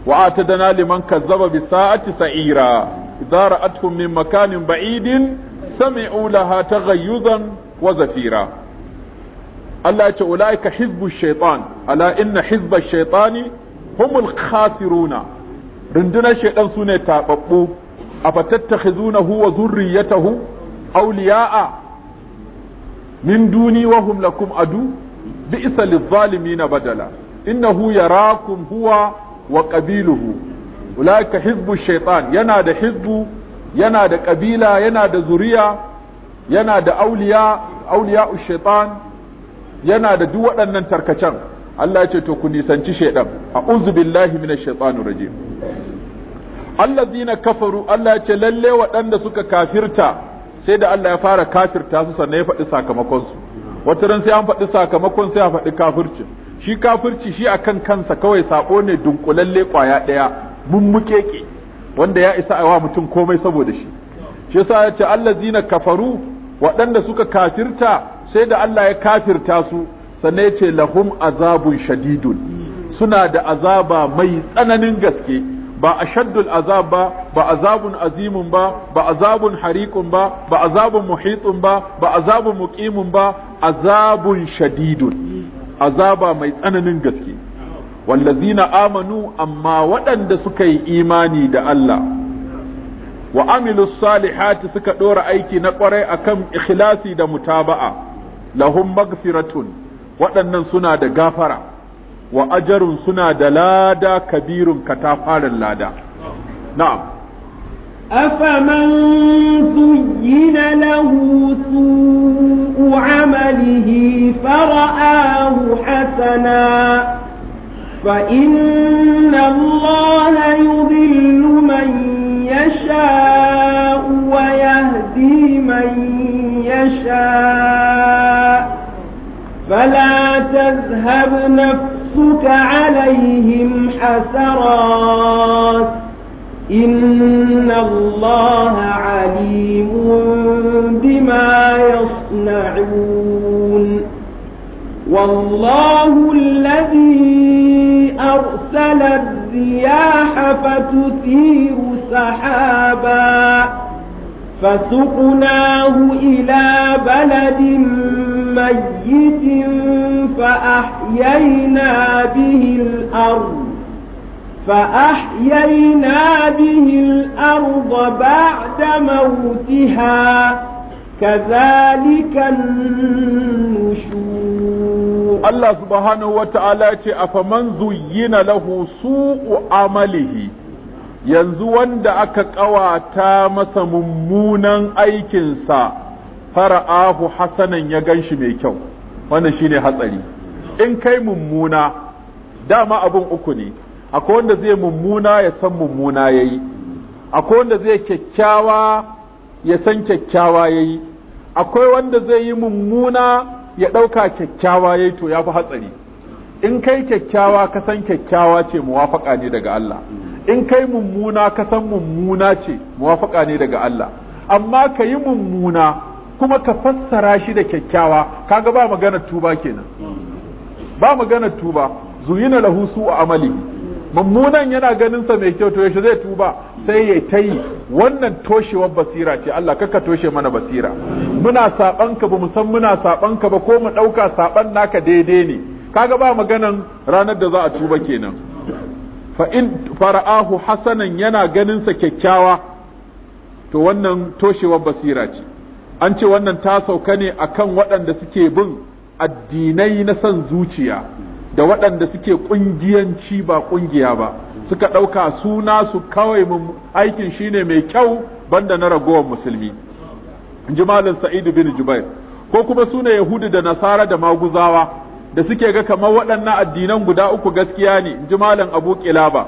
wa atadana liman kazzaba bi sa'ati sa'ira idza ra'atuhum min makanin ba'idin sami'u laha taghayyuzan wa zafira Allah ce ulaika hizbu shaitan ala inna hizba shaitani humul khasiruna rundunar shaitan sune tababbu afatattakhizunahu wa zurriyatahu awliya'a min duni wa hum lakum adu isa lidh na badala innahu yarakum huwa wa ƙabiluhu ulaika hizbu shaitan yana da hizbu yana da ƙabila, yana da zuriya yana da auliya auliya shaitan yana da duk waɗannan tarkacen Allah ya ce to ku nisanci shaidan a'udhu billahi minash shaitanir rajim allazina kafaru Allah ya ce lalle waɗanda suka kafirta sai da Allah ya fara kafirta su sannan ya faɗi sakamakon su wata ran sai an faɗi sakamakon sai a faɗi kafirci shi kafirci shi akan kansa kawai sako ne dunkulalle kwaya ɗaya mummukeke wanda ya isa a wa mutum komai saboda shi shi yasa ya ce allazina kafaru waɗanda suka kafirta sai da Allah ya kafirta su sannan ya ce lahum azabun shadidun suna da azaba mai tsananin gaske ba shaddul azab ba ba azabun azimun ba ba azabun hariqun ba ba azabun muhitsun ba ba azabun muƙimun ba azabun shadidun azaba mai tsananin gaske wallazina amanu amma waɗanda suka yi imani da Allah wa amilu salihati suka ɗora aiki na ƙwarai akan ikhlasi da mutaba'a lahum magfiratun waɗannan suna da gafara wa ajarun suna da lada kabirun katafarin lada na'am أفمن زين له سوء عمله فرآه حسنا فإن الله يضل من يشاء ويهدي من يشاء فلا تذهب نفسك عليهم حسرات إن الله عليم بما يصنعون والله الذي أرسل الرياح فتثير سحابا فسقناه إلى بلد ميت فأحيينا به الأرض فأحيينا به الأرض بعد موتها كذلك النشور الله سبحانه وتعالى أفمن زين له سوء عمله yanzu wanda aka ƙawata masa mummunan aikinsa fara'ahu hasanan ya gan shi mai kyau wannan shine hatsari in kai mummuna dama abin uku ne akwai wanda zai mummuna ya san mummuna ya yi akwai wanda zai kyakkyawa ya san kyakkyawa ya yi akwai wanda zai yi mummuna ya ɗauka kyakkyawa ya yi to ya fi hatsari in kai kyakkyawa ka san kyakkyawa ce muwafaka ne daga Allah in kai mummuna ka san mummuna ce muwafaka ne daga Allah amma ka yi mummuna kuma ka fassara shi da kyakkyawa kaga ba maganar tuba kenan ba maganar tuba zuyina lahu a amalihi mummunan yana ganin sa mai kyau to yaushe zai tuba sai ya ta wannan toshewar basira ce Allah kaka toshe mana basira muna saban ka ba mu muna saban ka ba ko mu dauka saban naka daidai ne kaga ba maganan ranar da za a tuba kenan fa in fara'ahu hasanan yana ganin sa kyakkyawa to wannan toshewar basira ce an ce wannan ta sauka ne akan waɗanda suke bin addinai na son zuciya da waɗanda suke ƙungiyanci ba ƙungiya ba suka ɗauka suna su kawai aikin shine mai kyau banda na ragowar musulmi jimalin sa'idu bin jubair ko kuma suna yahudu da nasara da maguzawa da suke ga kamar waɗannan addinan guda uku gaskiya ne jimalin abu kilaba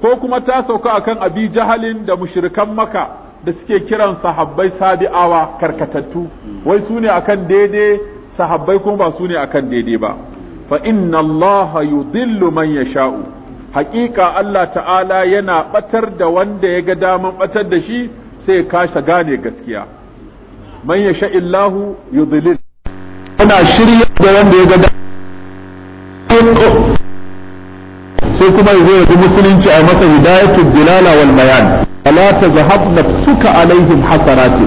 ko kuma ta sauka akan abi jahalin da mushrikan maka da suke kiran sahabbai sabi'awa karkatattu wai su ne akan daidai sahabbai kuma ba su ne akan daidai ba fa inna Allah yudillu man yasha'u haƙiƙa Allah ta'ala yana batar da wanda ya ga daman batar da shi sai ya kasa gane gaskiya man Illahu yudlil ana shirya da wanda ya ga daman sai kuma ya zo ya musulunci a masa hidayatul dilala wal bayan ala tazhab nafsuka alaihim hasarati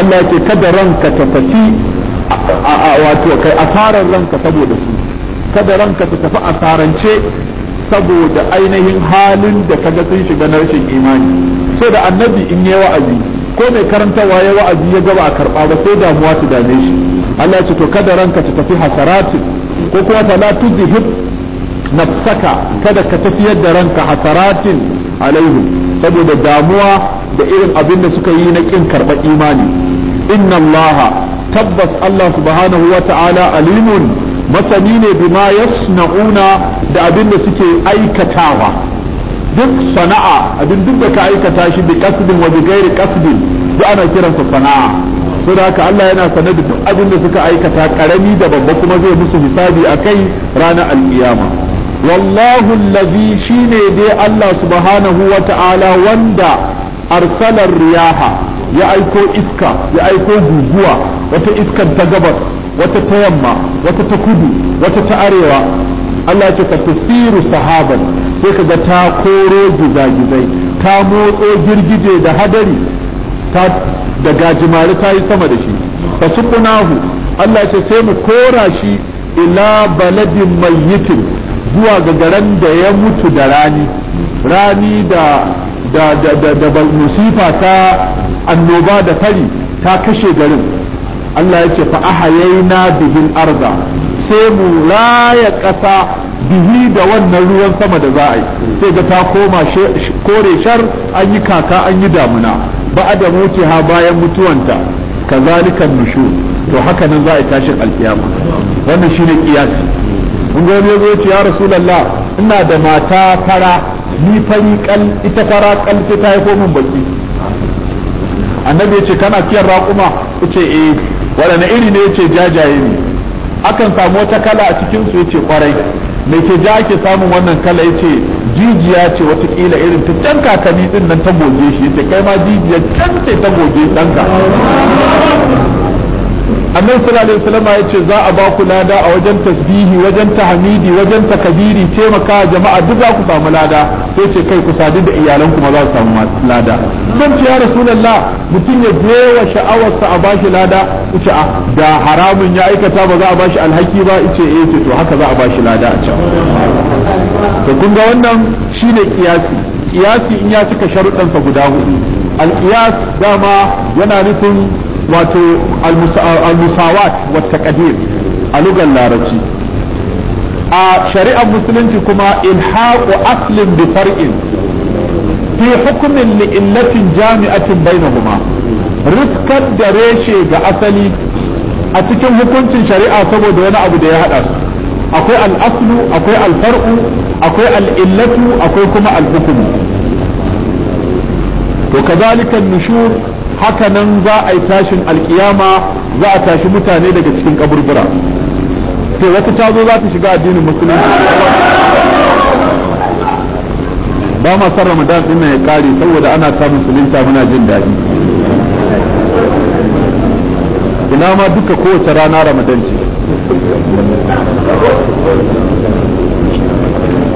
Allah ya ce kada ranka ta tafi wato kai ranka saboda su kada ranka ta tafi a tarance saboda ainihin halin da kaga sun shiga na rashin imani so da annabi in yi wa'azi ko mai karantarwa ya wa'azi ya gaba a karba ba sai damuwa ta dame shi Allah ya ce to kada ranka ta tafi hasarati ko kuma ta la tuzhib nafsaka kada ka tafiyar da ranka hasaratin alaihu saboda damuwa da irin abin da suka yi na kin karba imani inna Allaha, tabbas Allah subhanahu wa ta'ala alimun masani ne ya yasna'una da abin da suke aikatawa duk sana'a abin duk da ka aikata shi bi kasbin wa bi ghairi kasbin duk ana kiransa sana'a sai da haka Allah yana sanar da duk abin da suka aikata karami da babba kuma zai musu hisabi a kai ranar alkiyama wallahu allazi shine dai Allah subhanahu wa ta'ala wanda arsalar riyaha ya aiko iska ya aiko guguwa wata iskar ta gabas wata ta yamma wata ta kudu wata ta arewa Allah ya ka tusiru sahaban sai kaga ta koro gizagizai ta motso girgije da hadari ta da gajimare ta yi sama da shi fasukunahu Allah ce sai mu kora shi ila baladin mayyitin zuwa ga garan da ya mutu da rani rani da da da da, da musifa ta annoba da fari ta kashe garin Allah ce fa ahayaina bihin arza sai mu laya ƙasa bihi da wannan ruwan sama da za a yi sai ga ta koma kore shar an yi kaka an yi damuna ba da ha bayan mutuwanta ka zalikan nushu to haka nan za a yi tashin alkiyama wannan ne kiyasi in ga wani ya ce ya rasulullah ina da mata fara ni fari kal ita fara kal ta yi komin baki annabi ya ce kana kiyar raƙuma ce eh waɗanne iri ne yace jajaye ne akan samu wata kala a cikin su yace kwarai me ke ja ake samun wannan kala yace jijiya ce wata kila irin ta can kakanni din nan ta goge shi yace kai ma jijiya can ce ta goge danka annabi sallallahu alaihi wasallam ya ce za a ba ku lada a wajen tasbihi wajen tahmidi wajen takabiri taimaka jama'a duk za ku samu lada sai ce kai ku sadu da iyalan ma za su samu lada dan ce ya rasulullah mutum ya sha'awar sha'awarsa a bashi lada ce a ah, da haramun ya aikata ba za a shi alhaki ba ce eh ce to haka za a bashi lada a can to kun ga wannan shine kiyasi kiyasi in ya cika sharuɗansa guda hudu al dama yana nufin wato almusawat wata ƙadir a lugar larabci a shari'ar musulunci kuma ilhaqu aslin bi far'in fi hukumin li'illatin jami'atin bainahuma riskar da reshe ga asali a cikin hukuncin shari'a saboda wani abu da ya haɗa su akwai al'aslu akwai alfar'u akwai al'illatu akwai kuma al'hukumu to kazalika nushur haka nan za a yi tashin alkiyama za a tashi mutane daga cikin kaburbura to wata ta zo za ta shiga addinin musulunci ba ma san ramadan din ya kare saboda ana samun musulunta muna jin daɗi ina ma duka kowace rana ramadan ce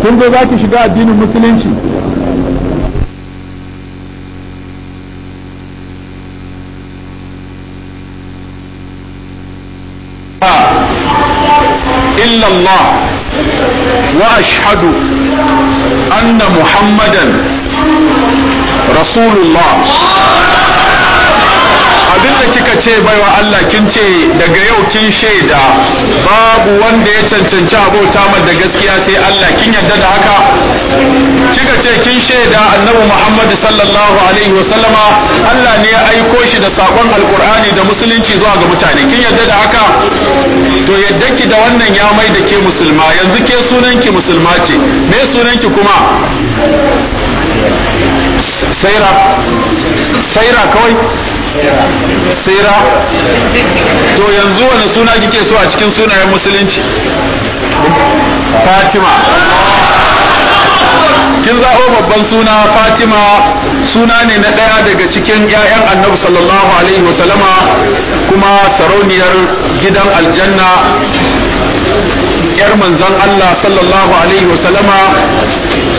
tun da za ki shiga addinin musulunci إلا الله وأشهد أن محمدا رسول الله abinda kika ce baiwa Allah kin ce daga yau kin shaida babu wanda ya cancanci abota mai da gaskiya sai Allah kin yarda da haka kika ce kin shaida annabi Muhammad sallallahu alaihi wa sallama Allah ne ya aiko shi da sakon alkur'ani da musulunci zuwa ga mutane kin yarda da haka to yadda ki da wannan ya mai da ke musulma yanzu ke sunan ki musulma ce me sunan ki kuma saira saira kawai tafsira to yanzu wani suna kike so a cikin sunayen musulunci fatima kin zaɓo babban suna fatima suna ne na ɗaya daga cikin 'ya'yan annabi sallallahu alaihi wasallama kuma sarauniyar gidan aljanna ‘yar manzon Allah sallallahu Alaihi wasallama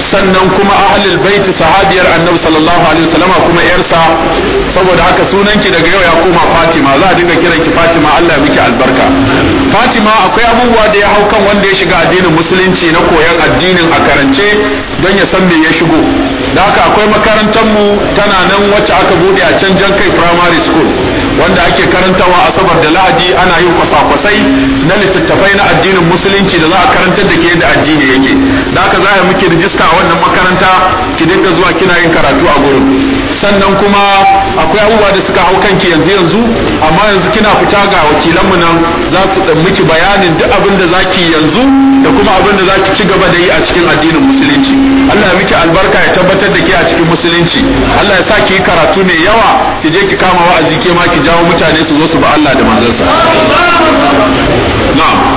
sannan kuma ahalil baiti sahabiyar annabi sallallahu Alaihi wasallama kuma ‘yarsa saboda haka sunanki daga yau ya koma Fatima za a dinga kiranki Fatima Allah ya miki albarka. Fatima akwai abubuwa da ya hau kan wanda ya shiga addinin musulunci na koyon addinin a karance don ya san me ya shigo. da haka akwai makarantar mu tana nan wacce aka bude a can jan kai primary school wanda ake karantawa asabar da lahadi ana yin kwasa-kwasai na littattafai na addinin musulunci da za a karantar da ke da addini yake da haka za a muke rijista a wannan makaranta ki dinga zuwa kina yin karatu a gurin sannan kuma akwai abubuwa da suka hau kanki yanzu yanzu amma yanzu kina fita ga wakilanmu nan za su miki bayanin duk abin da zaki yanzu da kuma abin da zaki ci gaba da yi a cikin addinin musulunci Allah ya miki albarka ya tabbatar tabbatar da ke a cikin musulunci Allah ya sa ki karatu mai yawa ki je ki kama wa'azi ke ma ki jawo mutane su zo su ba Allah da manzansa na'am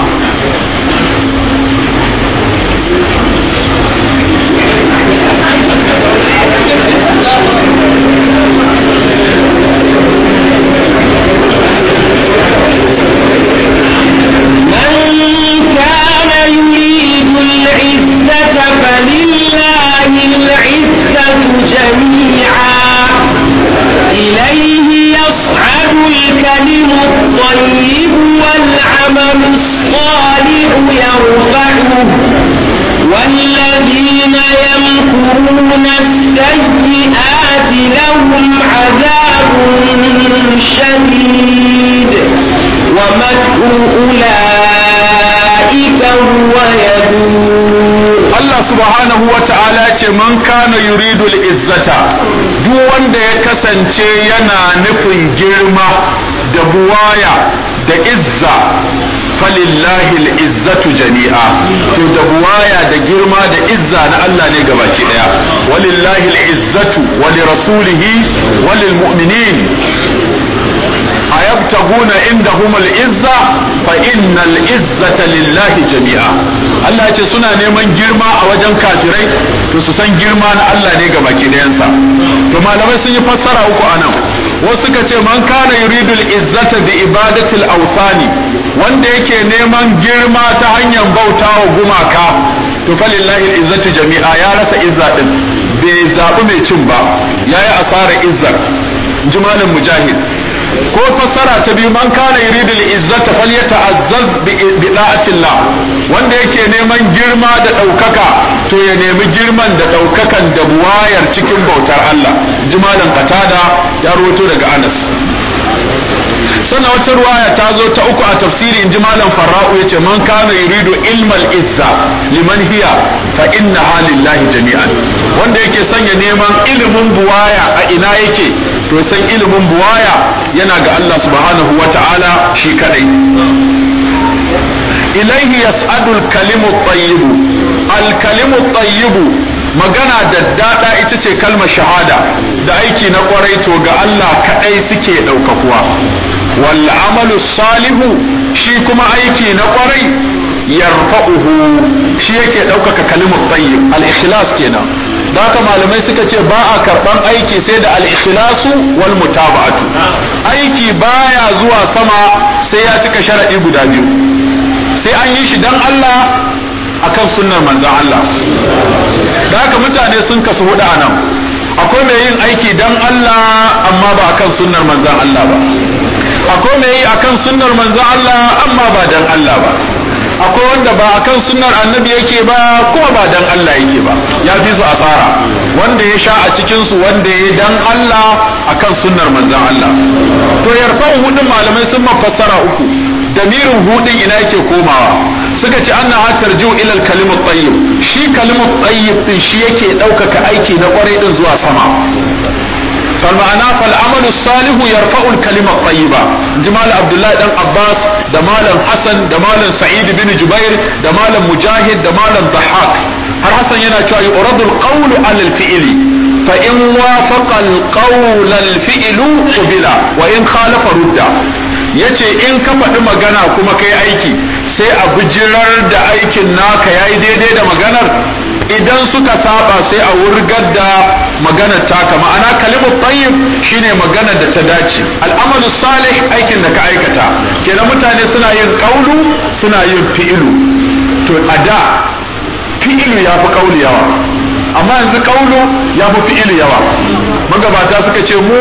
kana yuridu izzata duk wanda ya kasance yana nufin girma da buwaya da izza falillahi izzatu jami'a to da buwaya da girma da izza na Allah ne gabaki daya walillahi izzatu wali rasulihi walil mu'minin ayabtaguna indahum al-izza fa innal izzata lillahi jami'a Allah ya ce suna neman girma a wajen kafirai to su san girma na Allah ne ga baki dayansa to malamai sun yi fassara uku anan wasu ka ce man kana yuridul izzata bi ibadatil awsani wanda yake neman girma ta hanyar bautawa gumaka to falillahi izzatu jami'a ya rasa izza din bai zabi mai cin ba yayi asara izzar jimalin mujahid ko fassara ta biyu man kana yuridul izzata falyata'azzaz bi da'atillah wanda yake neman girma da ɗaukaka to ya nemi girman da ɗaukakan da buwayar cikin bautar Allah jimalan katada ya roto daga Anas sannan wata ruwaya ta zo ta uku a tafsirin jimalan malam farra'u yace man kana yuridu ilmal izza liman hiya fa inna halillahi jami'an wanda yake sanya neman ilimin buwaya a ina yake to san ilimin buwaya yana ga Allah subhanahu wata'ala shi kadai ilaihi yas'adul kalimu tayyibu alkalimu tsayibu magana da daɗa ita ce kalmar shahada da aiki na kwarai to ga Allah kaɗai suke ɗaukakuwa wal amalu salihu shi kuma aiki na ƙwarai yarfa'uhu shi yake ɗaukaka kalimar tsayyib al-ikhlas kenan Daka malamai suka ce ba a karɓan aiki sai da al-ikhlasu wal mutaba'atu aiki baya zuwa sama sai ya cika sharaɗi guda biyu sai an yi shi dan Allah akan sunnar manzon Allah da haka mutane sun kasu hudu a nan akwai mai yin aiki dan Allah amma ba akan sunnar manzon Allah ba akwai mai yi akan sunnar manzon Allah amma ba dan Allah ba akwai wanda ba akan sunnar annabi yake ba ko ba dan Allah yake ba ya fi su asara wanda ya sha a cikin su wanda ya dan Allah akan sunnar manzon Allah to yarfa hudun malamai sun mafassara uku damirin hudin ina yake komawa suka ci ana hatar ju ila kalimu tayyib shi kalima tayyib din shi yake ɗaukaka aiki na kwarai din zuwa sama fal ma'ana fal amal kalima yarfa'u al kalimu tayyiba jimal abdullahi dan abbas da malam Hassan, da malam sa'id bin jubair da malam mujahid da malam dahak har Hassan yana cewa yuradu al qawlu al fi'li fa in wafaqa al qawla al fi'lu wa in khalafa rudda yace in ka faɗi magana kuma kai aiki sai a bijirar da aikin naka yayi daidai da maganar idan suka saba sai a wurgar da maganar taka ma'ana kalibu tayyib shine maganar da ta dace al'amalu salih aikin da ka aikata kenan mutane suna yin kaulu suna yin fi'ilu to a da fi'ilu fi kaulu yawa amma yanzu kaulu fi fi'ilu yawa magabata suka ce mu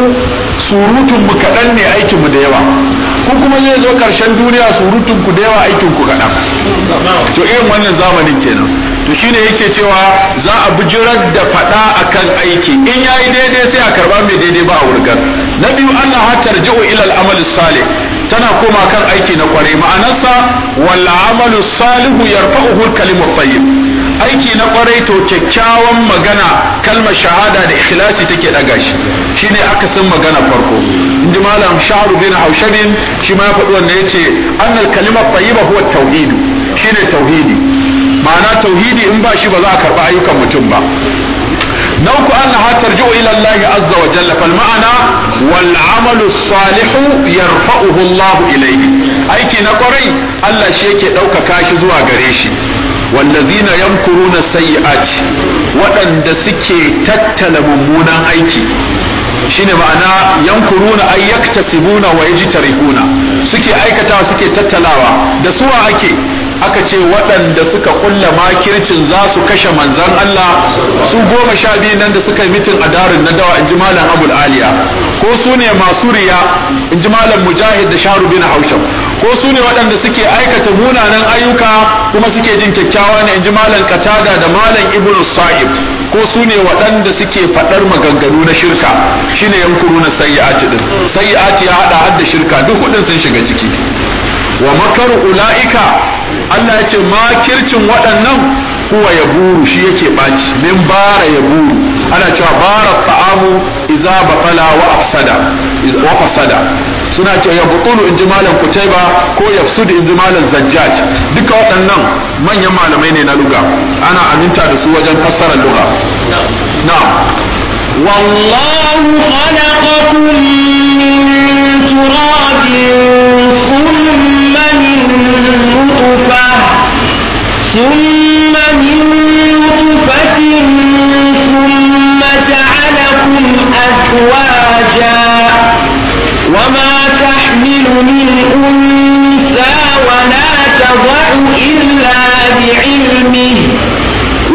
surutun mu kaɗan ne aikin mu da yawa ku kuma zai zo karshen duniya surutun ku da yawa aikin ku kaɗan to irin wannan zamanin kenan to shine yake cewa za a bijirar da faɗa akan aiki in yayi daidai sai a karba mai daidai ba a wurgar na biyu ha tarji'u ila al-amal salih tana koma kan aiki na kwarai ma'anarsa wal amalu salihu yarfa'uhu al-kalimu tayyib aiki na kwarai to kyakkyawan magana kalmar shahada da ikhlasi take daga shi shine akasin magana farko inji malam sha'ru bin haushabin shi ma ya faɗi wanda yace annal kalimar tayyiba huwa Tauhidi, shine tauhidi ma'ana tauhidi in ba shi ba za a karɓi ayyukan mutum ba na uku an ha tarji'u ila azza wa jalla fal ma'ana wal amalu salih yarfa'uhu Allah ilayhi aiki na kwarai Allah shi yake ɗaukaka shi zuwa gare shi wallazina yamkuruna sayyi'at waɗanda suke tattala mummunan aiki shine ma'ana yankuruna ay yaktasibuna wa yajtarihuna suke aikatawa suke tattalawa da suwa ake aka ce waɗanda suka kulla makircin za su kashe manzan Allah su goma sha biyu nan da suka yi mitin a darin na dawa in ji malam abul aliya ko su ne masu riya in ji malam mujahid da sharu bin hausham ko su ne waɗanda suke aikata munanan ayyuka kuma suke jin kyakkyawa ne in malam katada da malam ibn sa'ib ko su ne waɗanda suke faɗar maganganu na shirka shine yankuru na sayyati din sayyati ya hada hadda shirka duk hudun sun shiga ciki wa makar ula'ika Allah ya ce makircin waɗannan kuwa ya buru shi yake baci min bara ya buru ana cewa bara ta'amu iza bafala wa afsada wa fasada suna ce ya butulu in ji malam kutaiba ko ya fusudu in ji malam zajjaj duka waɗannan manyan malamai ne na luga ana aminta da su wajen fassarar luga Na. wallahu khalaqakum من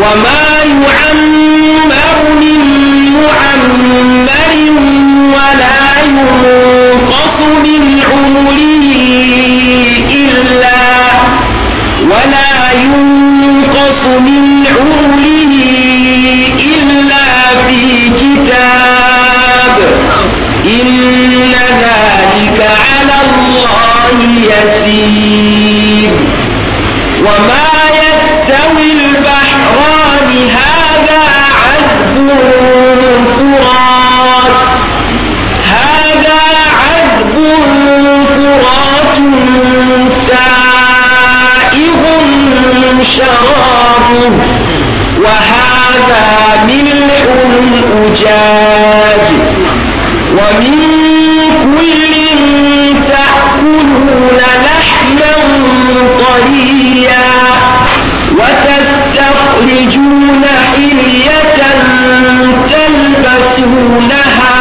وما يعمر من معمر ولا ينقص من عمره إلا ولا ينقص من عمره إلا في كتاب إن ذلك على الله يسير الحجاج ومن كل تأكلون لحما طريا وتستخرجون حلية تلبسونها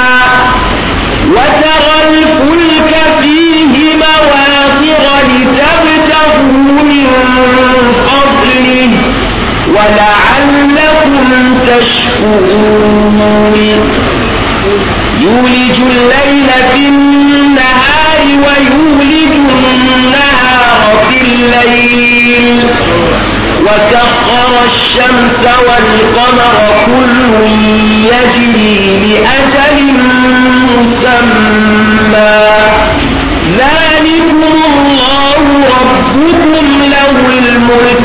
وترى الفلك فيه مواخر لتبتغوا من فضله ولعلكم تشكرون يولج الليل في النهار ويولج النهار في الليل وسخر الشمس والقمر كل يجري لأجل مسمى ذلكم الله ربكم له الملك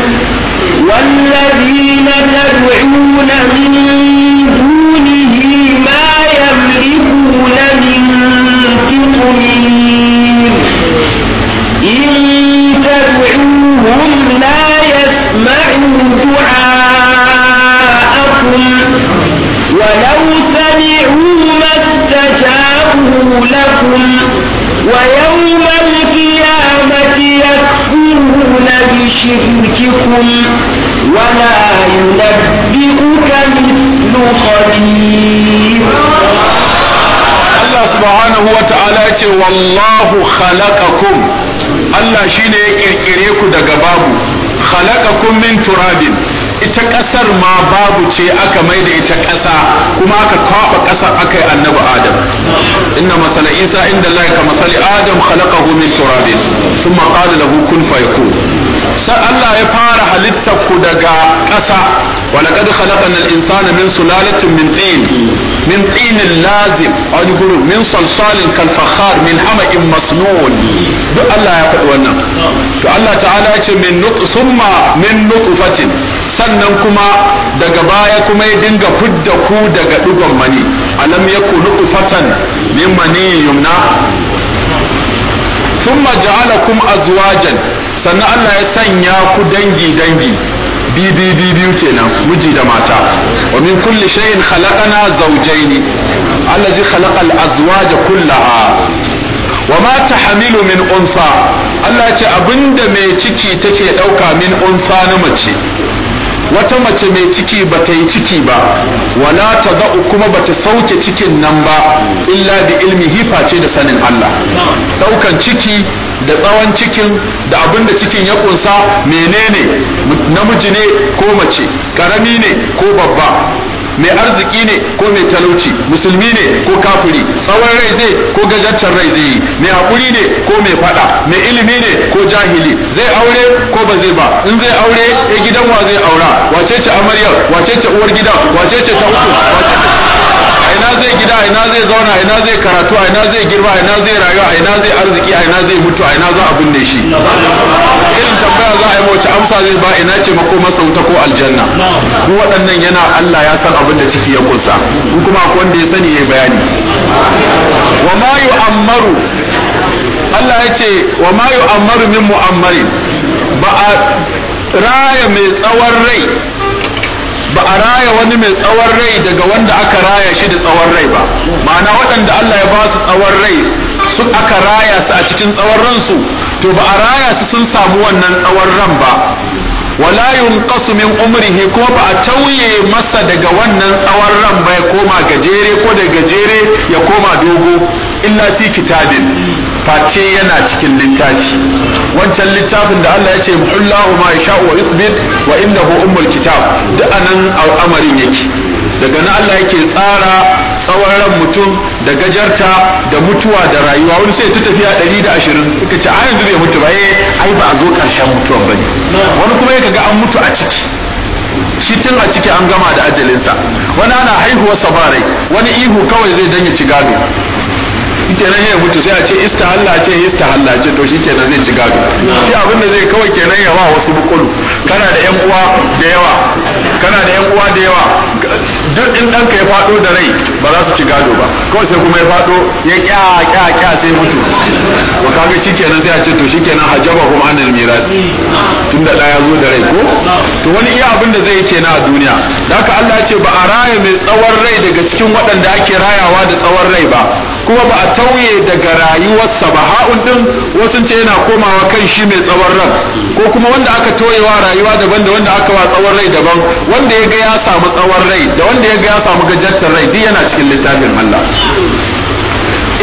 والذين تدعون منهم ولا ينبئك مثل خبير الله سبحانه وتعالى والله خلقكم الله شيني ku daga babu خلقكم من تراب ita ƙasar ma babu ce aka mai da ita ƙasa kuma aka kwaɓa ƙasa akayi yi annabi adam inna masala isa inda lai ka masali adam khalaqahu min turabin thumma qala kun Allah ya fara halittar ku daga ƙasa ولقد خلقنا الإنسان Min سلالة من طين من طين لازم أو يقولوا من صلصال كالفخار من حمأ مسنون duk Allah ya faɗi wannan to Allah ta'ala ya ce min summa min nutfatin sannan kuma daga baya kuma ya dinga fudda ku daga dugon mani alam yaku nutfatan min mani yumna thumma ja'alakum azwajan sannan Allah ya sanya ku dangi dangi bibi biyu kenan miji da mata wa min kulli shay'in khalaqana zawjayn allazi khalaqa al-azwaja kullaha wa ma tahmilu min unsa Allah ce abinda mai ciki take dauka min unsa na mace wata mace mai ciki ba ta yi ciki ba wala ta za'u kuma ba ta sauke cikin nan ba illa bi ilmi hifa ce da sanin Allah daukan ciki da tsawon cikin da abin da cikin ya kunsa menene namiji ne ko mace karami ne ko babba mai arziki ne ko mai talauci musulmi ne ko kafiri tsawon rai zai ko gajarcen rai zai yi mai hakuri ne ko mai fada mai ilimi ne ko jahili zai aure ko ba zai ba in zai aure ya gidan wa zai aura wace ce amaryar wace ce uwar gidan wace ce ta uku wace ce zai gida a ina zai zauna a ina zai karatu a ina zai girma a ina zai rayuwa a ina zai arziki a ina zai mutu a ina za a binne shi irin tambaya za a yi wace amsa zai ba ina ce mako masa wuta ko aljanna ko waɗannan yana Allah ya san abin da ciki ya kusa ko kuma akwai wanda ya sani ya bayani wa ma yu'ammaru Allah ya ce wa ma yu'ammaru min mu'ammari ba a raya mai tsawon rai ba a raya wani mai tsawon rai daga wanda aka raya shi da tsawon rai ba ma'ana waɗanda Allah ya ba su tsawon rai su aka raya su a cikin tsawon ransu to ba a raya su sun samu wannan tsawon ran ba wala yunqasu min umrihi ko ba a tauye masa daga wannan tsawon ran ba ya koma gajere ko da gajere ya koma dogo illa fi kitabin face yana cikin littafi wancan littafin da Allah ya ce muhullahu ma sha'u wa yuthbit wa innahu ummul kitab da anan al'amarin yake daga nan Allah yake tsara tsawaran mutum da gajarta da mutuwa da rayuwa wani sai ta tafiya 120 suka ce a yanzu bai mutu ba eh, ai ba a zo karshen mutuwa bane wani kuma ya ga an mutu a ciki shi tun a ciki an gama da ajalinsa wani ana haihuwarsa ba wani ihu kawai zai danya ci gado kenan ya mutu sai a ce ista Allah ce iska Allah ce to shikenan zai ci gado shi abin da zai kawai kenan ya ba wasu bukulu kana da yan uwa da yawa kana da yan uwa da yawa duk in ɗanka ya faɗo da rai ba za su ci gado ba kawai sai kuma ya faɗo ya kya kya sai mutu ba kaga shikenan sai a ce to shikenan hajaba kuma anil mirasi tun da ya zo da rai ko to wani iya abin da zai kenan a duniya da haka Allah ya ce ba a raya mai tsawon rai daga cikin waɗanda ake rayawa da tsawon rai ba kuma ba a tauye daga rayuwarsa ba ha'un din wasu ce yana komawa kan shi mai tsawon ran ko kuma wanda aka toyewa rayuwa daban da wanda aka wa tsawon rai daban wanda ya ga ya samu tsawon rai da wanda ya ga ya samu gajartar rai duk yana cikin littafin Allah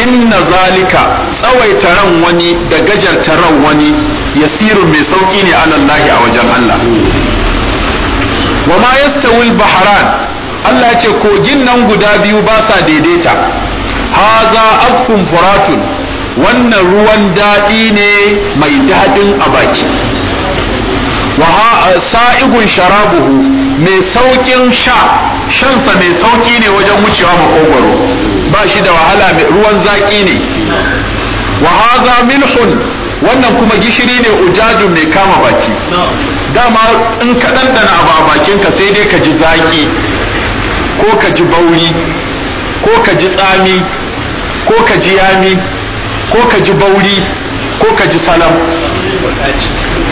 inna zalika tsawaita ran wani da gajarta ran wani yasiru mai sauki ne alallahi a wajen Allah wa ma yastawi al-bahran Allah ce kogin nan guda biyu ba sa daidaita haza abkun furatun wannan ruwan daɗi ne mai daɗin a baki wa sa'igun sharabuhu mai saukin sha shansa mai sauki ne wajen wucewa makogwaro ba shi da wahala mai ruwan zaki ne wa hadha milhun wannan kuma gishiri ne ujajun mai kama baki dama in ka dandana abu a bakinka sai dai ka ji zaki ko ka ji bauri ko ka ji tsami ko ka ji yami ko ka ji bauri ko ka ji salam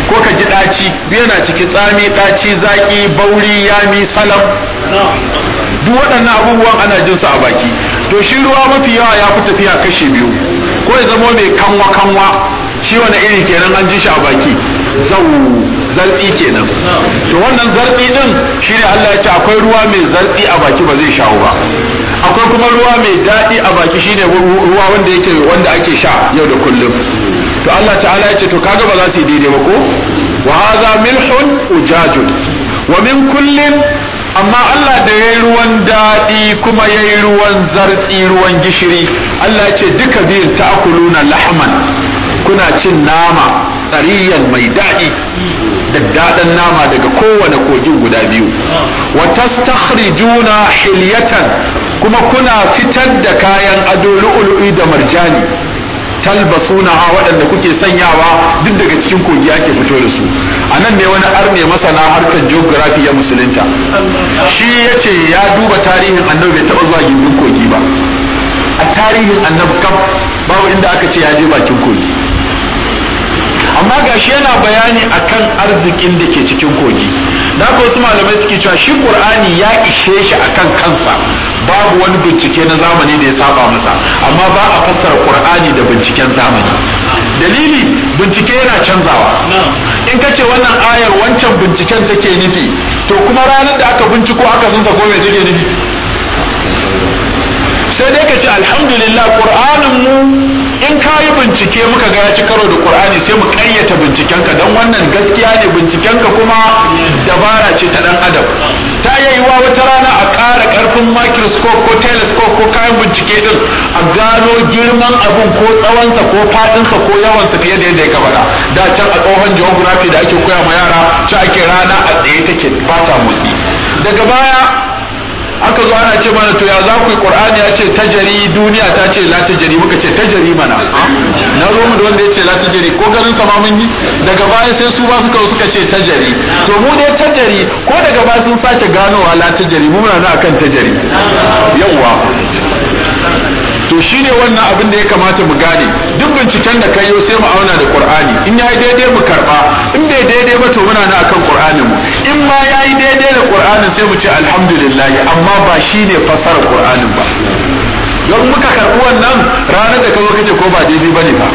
ko ka ji ɗaci yana ciki tsami ɗaci zaki bauri yami salam duk waɗannan abubuwan ana jin su a baki to shi ruwa mafi yawa ya fi tafiya kashe biyu ko ya zama mai kanwa kanwa shi wani iri kenan an ji shi a baki zau zalti kenan to wannan zalti din ne Allah ya ce akwai ruwa mai zalti a baki ba zai shawo ba akwai kuma ruwa mai daɗi a baki shine ruwa wanda yake wanda ake sha yau da kullum to Allah ta'ala ya ce to kaga ba za su yi daidai ba ko wa hadha milhun ujajun wa min kullin amma Allah da yayi ruwan daɗi kuma yayi ruwan zartsi ruwan gishiri Allah ya ce duka biyun ta'kuluna lahman kuna cin nama tsariyan mai daɗi da daɗin nama daga kowane kogin guda biyu wa juna hilyatan kuma kuna fitar da kayan ado lu'ulu'i da marjani talbasuna ha waɗanda kuke sanyawa duk daga cikin kogi ake fito da su a nan ne wani arne masana harkar geography ya musulunta shi ya ce ya duba tarihin annabi bai taɓa zuwa gindin kogi ba a tarihin annabi kam babu inda aka ce ya je bakin kogi amma gashi yana bayani akan arzikin da ke cikin kogi da haka wasu malamai suke cewa shi qur'ani ya ishe shi akan kansa babu wani bincike na zamani da ya saba masa amma ba a fassara qur'ani da binciken zamani dalili bincike yana canzawa in ka ce wannan ayar wancan binciken take nufi to kuma ranar da aka binciko aka sun ko me take nufi sai dai ka ce alhamdulillah qur'anin mu in ka yi bincike muka ga ya ci karo da qur'ani sai mu kayyata bincikenka don wannan gaskiya ne bincikenka kuma dabara ce ta dan adam ta iya wa wata rana a ƙara ƙarfin microscope ko telescope ko kayan bincike din a gano girman abun ko tsawonsa ko faɗinsa ko yawansa fiye da yadda ya kamata da can a tsohon geography da ake koya ma yara ci ake rana a tsaye take ba ta daga baya aka zo ana ce mana to ya za ku yi qur'ani ya ce tajari duniya ta ce la tajari muka ce tajari mana na zo mu da wanda ya ce la tajari ko garin sa ma mun yi daga baya sai su ba suka suka ce tajari to mu dai tajari ko daga baya sun sace ganowa la tajari mu muna akan tajari yawa to shine wannan abin da ya kamata mu gane duk binciken da kayo sai mu auna da qur'ani in yayi daidai mu daidai ba to muna na akan qur'anin mu in ma yayi daidai da qur'anin sai mu ce alhamdulillah amma ba shi ne fasar qur'anin ba don muka karɓi wannan ranar da ka kace ko ba daidai bane ba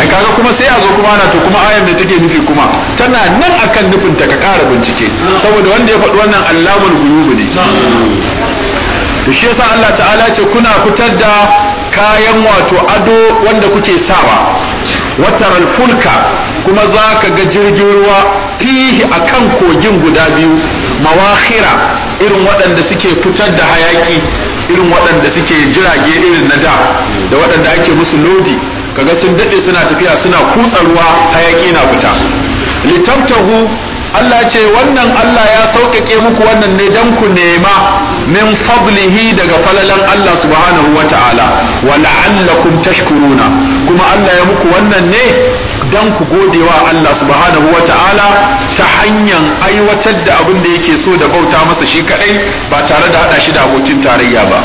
ai kaga kuma sai a zo kuma ana to kuma ayar da take nufi kuma tana nan akan nufin ta ka ƙara bincike saboda wanda ya faɗi wannan allamul ghuyub ne to shi yasa Allah ta'ala ce kuna fitar da kayan wato ado wanda kuke sawa wataral fulka kuma za ka ga jirgin ruwa fihi kan kogin guda biyu mawahira irin waɗanda suke fitar da hayaki irin waɗanda suke jirage irin na da da waɗanda ake musu lodi kaga sun daɗe suna tafiya suna kutsa ruwa hayaki na fita litabtahu Allah ce wannan Allah ya sauƙaƙe muku wannan ne dan ku nema min fadlihi daga falalan Allah subhanahu wa ta'ala wa la'allakum tashkuruna kuma Allah ya muku wannan ne dan ku gode wa Allah subhanahu wa ta'ala ta hanyar aiwatar da abin da yake so da bauta masa shi kadai ba tare da hada shi da abokin tarayya ba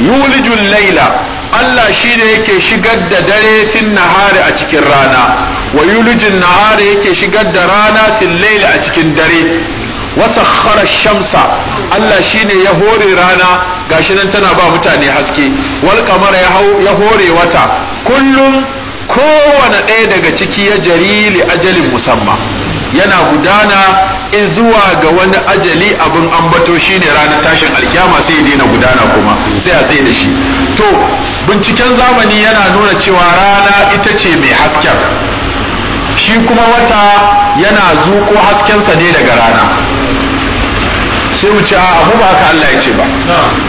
yulijul laila Allah shi ne yake shigar da dare tun nahari a cikin rana, wa yulijin nahari yake shigar da rana tun laila a cikin dare, wasakhara shamsa Allah shine ya hore rana gashi nan tana ba mutane haske wal kamar ya hore wata kullum kowane ɗaya daga ciki ya jarili ajalin musamman yana gudana zuwa ga wani ajali abin ambato shine ranar tashin alkiyama sai ya daina gudana kuma sai a tsaye da shi to binciken zamani yana nuna cewa rana ita ce mai hasken shi kuma wata yana zuko haskensa ne daga rana sai mu ce a mu ba haka Allah ya ce ba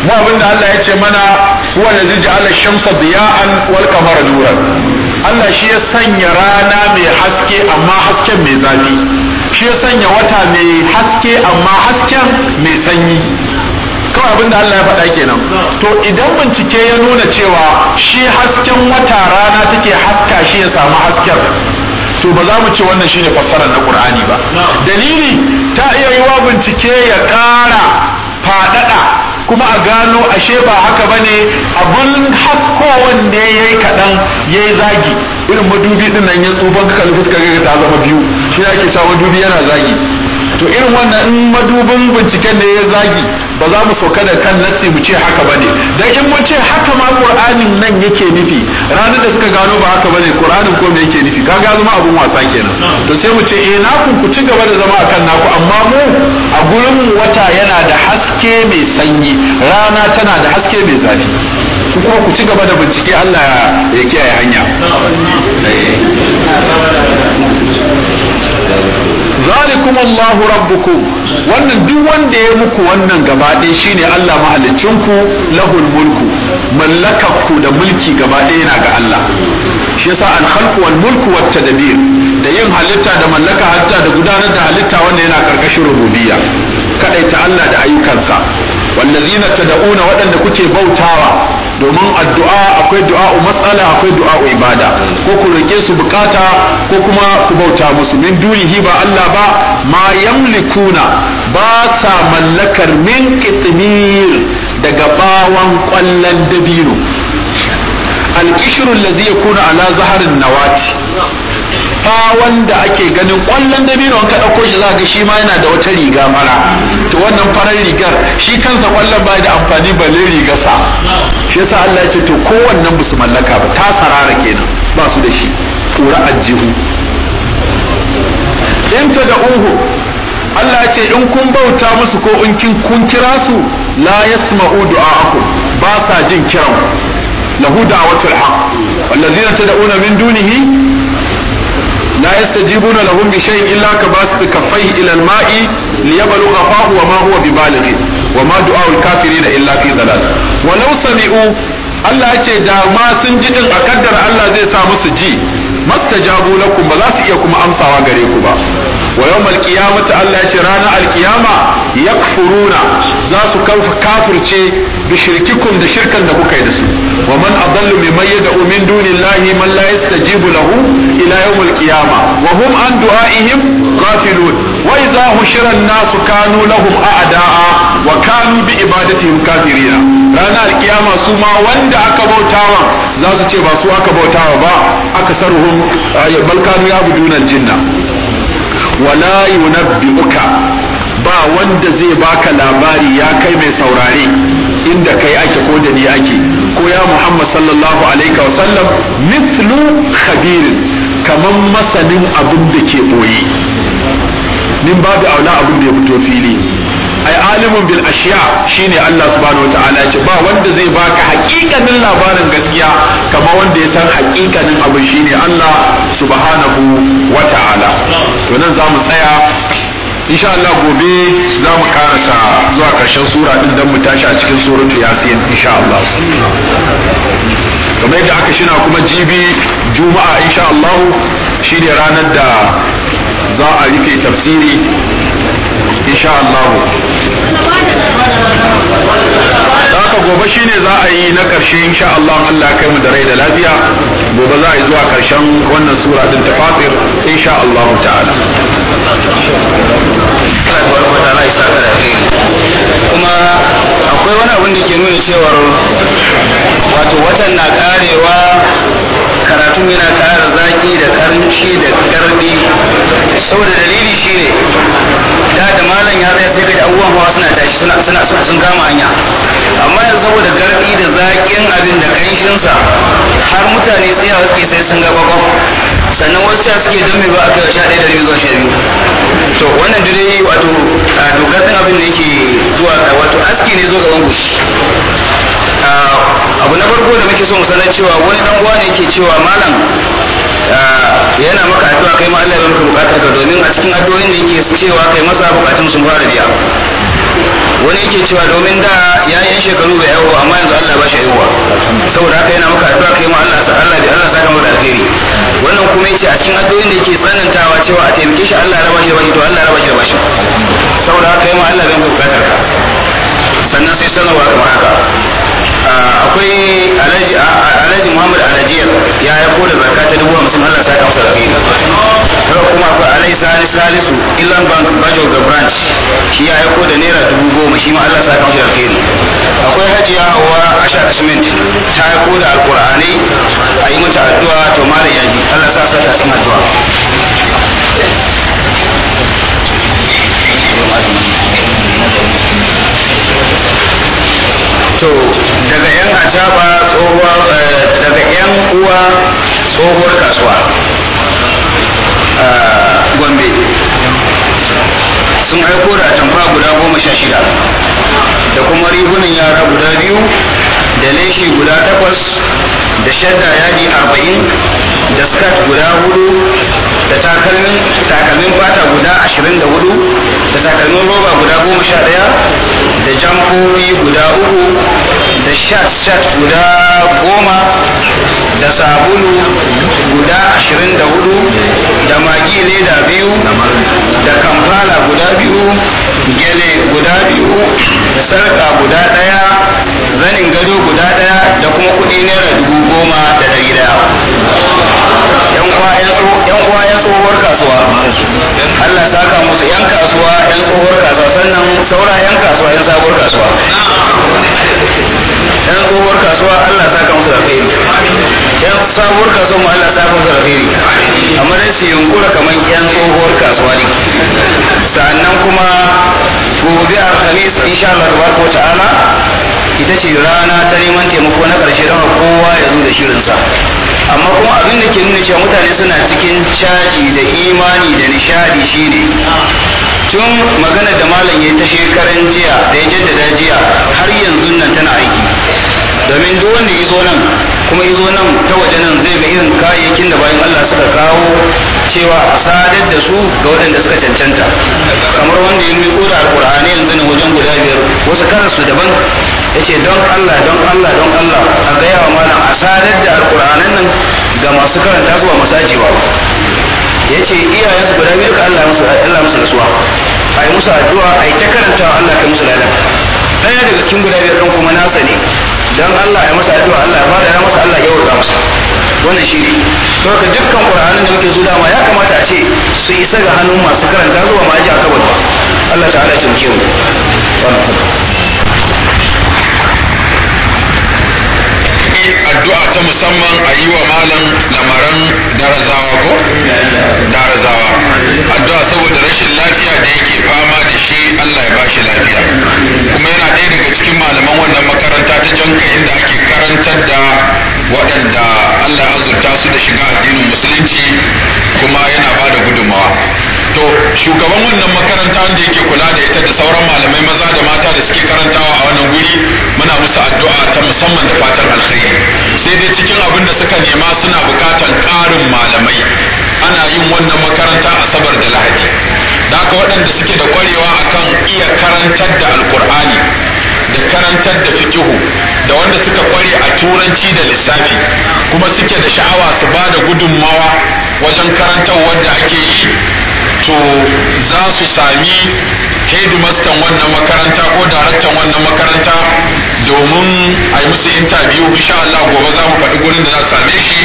mu abinda Allah ya ce mana huwa allazi ja'ala shamsa diya'an wal qamara nuran Allah shi ya sanya rana mai haske amma hasken mai zafi shi ya sanya wata mai haske amma hasken mai sanyi kawai abin da Allah ya faɗa kenan to idan bincike ya nuna cewa shi hasken wata rana take haska shi ya samu hasken To ba za mu ce wannan shine fassarar na qur'ani ba dalili ta iya yiwa bincike ya kara faɗaɗa kuma a gano ashe ba haka bane abun hasko wanda yayi kaɗan yayi zagi irin madubi din nan ya tsufan ka kalli ka ta zama biyu shi ake sa madubi yana zagi to irin wannan in madubin binciken ne ya zagi ba za mu sauka da kan nassi mu ce haka bane dan in mun qur'anin nan yake nufi ranar da suka gano ba haka bane qur'anin ko me yake nufi kaga zama abun wasa kenan to sai mu ce eh na ku ci gaba da zama akan naku amma mu a gurin wata yana da haske mai sanyi rana tana da haske mai zafi ku kuma ku ci gaba da bincike Allah ya kiyaye hanya eh. ذلكم الله ربكم wannan duk wanda ya muku wannan gaba ɗaya shine Allah ku lahul mulku mallakakku da mulki gaba ɗaya yana ga Allah shi yasa al khalqu wal mulku wat tadbir da yin halitta da mallaka halitta da gudanar da halitta wanda yana karkashin rububiyya kadaita Allah da ayyukansa wallazina tad'una waɗanda kuke bautawa domin addu'a akwai du'a'u matsala akwai du'a'u ibada ko ku roke su bukata ko kuma ku bauta musu min dunihi ba Allah ba ma yamlikuna ba sa mallakar min kitmir daga bawan kwallon dabino al lazi ya yakunu ala zaharin nawati Fa wanda ake ganin kwallon dabino ka dauko shi za ga shi ma yana da wata riga mara to wannan farar rigar shi kansa kwallon ba da amfani ba riga sa, shi yasa Allah ya ce to kowannen ba su mallaka ba ta sarara kenan ba su da shi tura ajihu in ta da uhu Allah ya ce in kun bauta musu ko in kin kun kira su la yasma'u du'a'akum ba sa jin kiran lahu da'watul haqq wallazina tad'una min dunihi la yastajibuna lahum bi shay'in illa ka basu kaffaihi ila al-ma'i liyabluga fahu wa ma huwa bibalighi wa ma du'a al-kafirina illa fi dhalal walau sami'u Allah ya ce da ma sun ji din a kaddar Allah zai sa musu ji mastajabu lakum ba za su iya kuma amsawa gare ku ba wa yawmal qiyamati Allah ya ce ranar alkiyama yakfuruna za su kafurce bi shirkikum da shirkan da kuka yi da su wa man adallu mimman yad'u min dunillahi man la yastajibu lahu ila yawmil qiyama wa hum an du'aihim ghafilun wa idza hushira an-nasu kanu lahum a'da'a wa kanu bi ibadatihim kafirina ranar alkiyama su ma wanda aka bautawa za su ce ba su aka bautawa ba aka sarhum bal kanu ya'buduna jinna wala yunabbi'uka ba wanda zai baka labari ya kai mai saurare inda kai ake ko da ni ake ko ya Muhammad sallallahu alaihi wa sallam mithlu khabir kaman masanin abin da ke boye min babu aula abin da ya fito fili ai alimun bil ashiya shine Allah subhanahu wataala ce ba wanda zai baka hakikanin labarin gaskiya kama wanda ya san hakikanin abu shine Allah subhanahu wataala to nan zamu tsaya insha Allah gobe za mu karasa zuwa karshen sura din dan mu tashi a cikin suratul yasin insha Allah kamar yadda aka shina kuma jibi juma'a insha Allah shine ranar da za a rufe tafsiri insha Allah haka gobe shine za a yi na ƙarshe insha Allah Allah kai mu da rai da lafiya gobe za a yi zuwa karshen wannan sura din tafatir insha Allah ta'ala kuma akwai wani abin da ke nuna cewar wato watan na karewa karatun yana kara zaki da karanci da karni saboda dalili shine da da malam ya zai sai da abubuwan hawa suna tashi suna suna suna sun kama hanya amma yanzu saboda garbi da zakin abin da kanshin sa har mutane ya wuce sai sun ga babban sannan wasu ya suke don me ba a kai sha ɗaya da rabi zuwa sha biyu to wannan dire wato a dogatsin abin da yake zuwa wato aski ne zo gaban gushi abu na farko da muke so mu sanar cewa wani dan uwa ne yake cewa malam yana maka addu'a kai ma Allah ya maka bukatar ka domin a cikin addu'o'in da yake cewa kai masa bukatun sun fara biya wani yake cewa domin da ya yi shekaru bai yawo amma yanzu Allah ba shi yawa saboda haka yana maka addu'a kai ma Allah sa Allah bi Allah saka maka alheri wannan kuma yace a cikin addu'o'in da yake tsanantawa cewa a taimake shi Allah ya raba shi da to Allah ya raba shi da bashi saboda haka kai ma Allah bai bukatar ka sannan sai sanarwa kamar haka ah, akwai alaji alhaji muhammad alajiyar ya ya koda zakka ta dubu hamsin allah sa ka masa rafi haka kuma akwai alai sani salisu ilan bank bajo ga branch shi ya da naira dubu goma shi ma allah sa ka masa alheri akwai hajiya hawa asha kasmint ta aiko da alkur'anai a yi mata addu'a to malam yaji allah sa sa ta addu'a to daga yan acaba tsohuwar eh, daga yan uwa tsohuwar kasuwa gombe sun aiko da atamfa guda goma sha shida da kuma rigunan yara guda biyu da leshi guda takwas da shadda yadi arba'in da skat guda hudu da takalmin takalmin fata guda ashirin da hudu da takalmin roba guda goma sha daya da jamfofi guda uku shat shat guda goma da sabulu guda ashirin da hudu da magi leda biyu da kamfala guda biyu gele guda biyu sarka guda daya zanin gado guda daya da kuma kudi naira dubu goma da dari daya yan uwa yan tsohuwar kasuwa Allah saka musu yan kasuwa yan tsohuwar kasuwa sannan saura yan kasuwa yan sabuwar kasuwa sabuwar kasuwa Allah saka musu alheri yan sabuwar kasuwa mu Allah saka musu alheri amma dai su yunkura kamar yan tsohuwar kasuwa ne sannan kuma gobe alhamis insha Allah tabaraka ta'ala ita ce rana ta neman taimako na karshe don kowa ya zo da shirin sa amma kuma abin da ke nuna cewa mutane suna cikin caji da imani da nishadi shine tun magana da malam ya ta shekaran jiya da ya jaddada jiya har yanzu nan tana aiki domin duk wanda zo nan kuma zo nan ta waje nan zai ga irin kayayyakin da bayan Allah suka kawo cewa a sadar da su ga waɗanda suka cancanta kamar wanda ya miƙo da alƙur'ani yanzu ne wajen guda biyar wasu karansu daban yace don Allah don Allah don Allah a gaya wa malam a sadar da alƙur'anin nan ga masu karanta zuwa masu ajiyewa iyayen iyayensu guda biyu ka Allah musu Allah musu rasuwa a yi musu addu'a a yi ta karanta Allah ka musu ladan. ɗaya daga cikin guda biyar ɗin kuma nasa ne dan Allah ya masa addu'a Allah ya fara ya masa Allah ya wurga masa wannan shi ne to ka dukkan qur'anin da muke zuwa ma ya kamata a ce su isa ga hannun masu karanta zuwa ma ji aka bata Allah ta'ala ya cimke mu addu'a ta musamman a yi wa malam lamaran darazawa ko darazawa addu'a saboda rashin lafiya da yake fama da shi Allah ya ba shi lafiya kuma yana ɗaya daga cikin malaman wannan makaranta ta jonka inda ake karantar da waɗanda Allah ya azurta su da shiga addinin musulunci kuma yana ba da gudunmawa to shugaban wannan makaranta wanda yake kula da ita da sauran malamai maza da mata da suke karantawa a wannan guri muna musu addu'a ta musamman da fatan alkhairi sai dai cikin abin da suka nema suna bukatan ƙarin malamai ana yin wannan makaranta asabar da lahadi da haka waɗanda suke da ƙwarewa akan iya karantar da alkur'ani da karantar da fikihu da wanda suka ƙware a turanci da lissafi kuma suke da sha'awa su ba da gudunmawa wajen karantar wanda ake yi to za su sami headmaster wannan makaranta ko daraktan wannan makaranta domin a yi musu interview insha Allah gobe za mu faɗi gurin da za same shi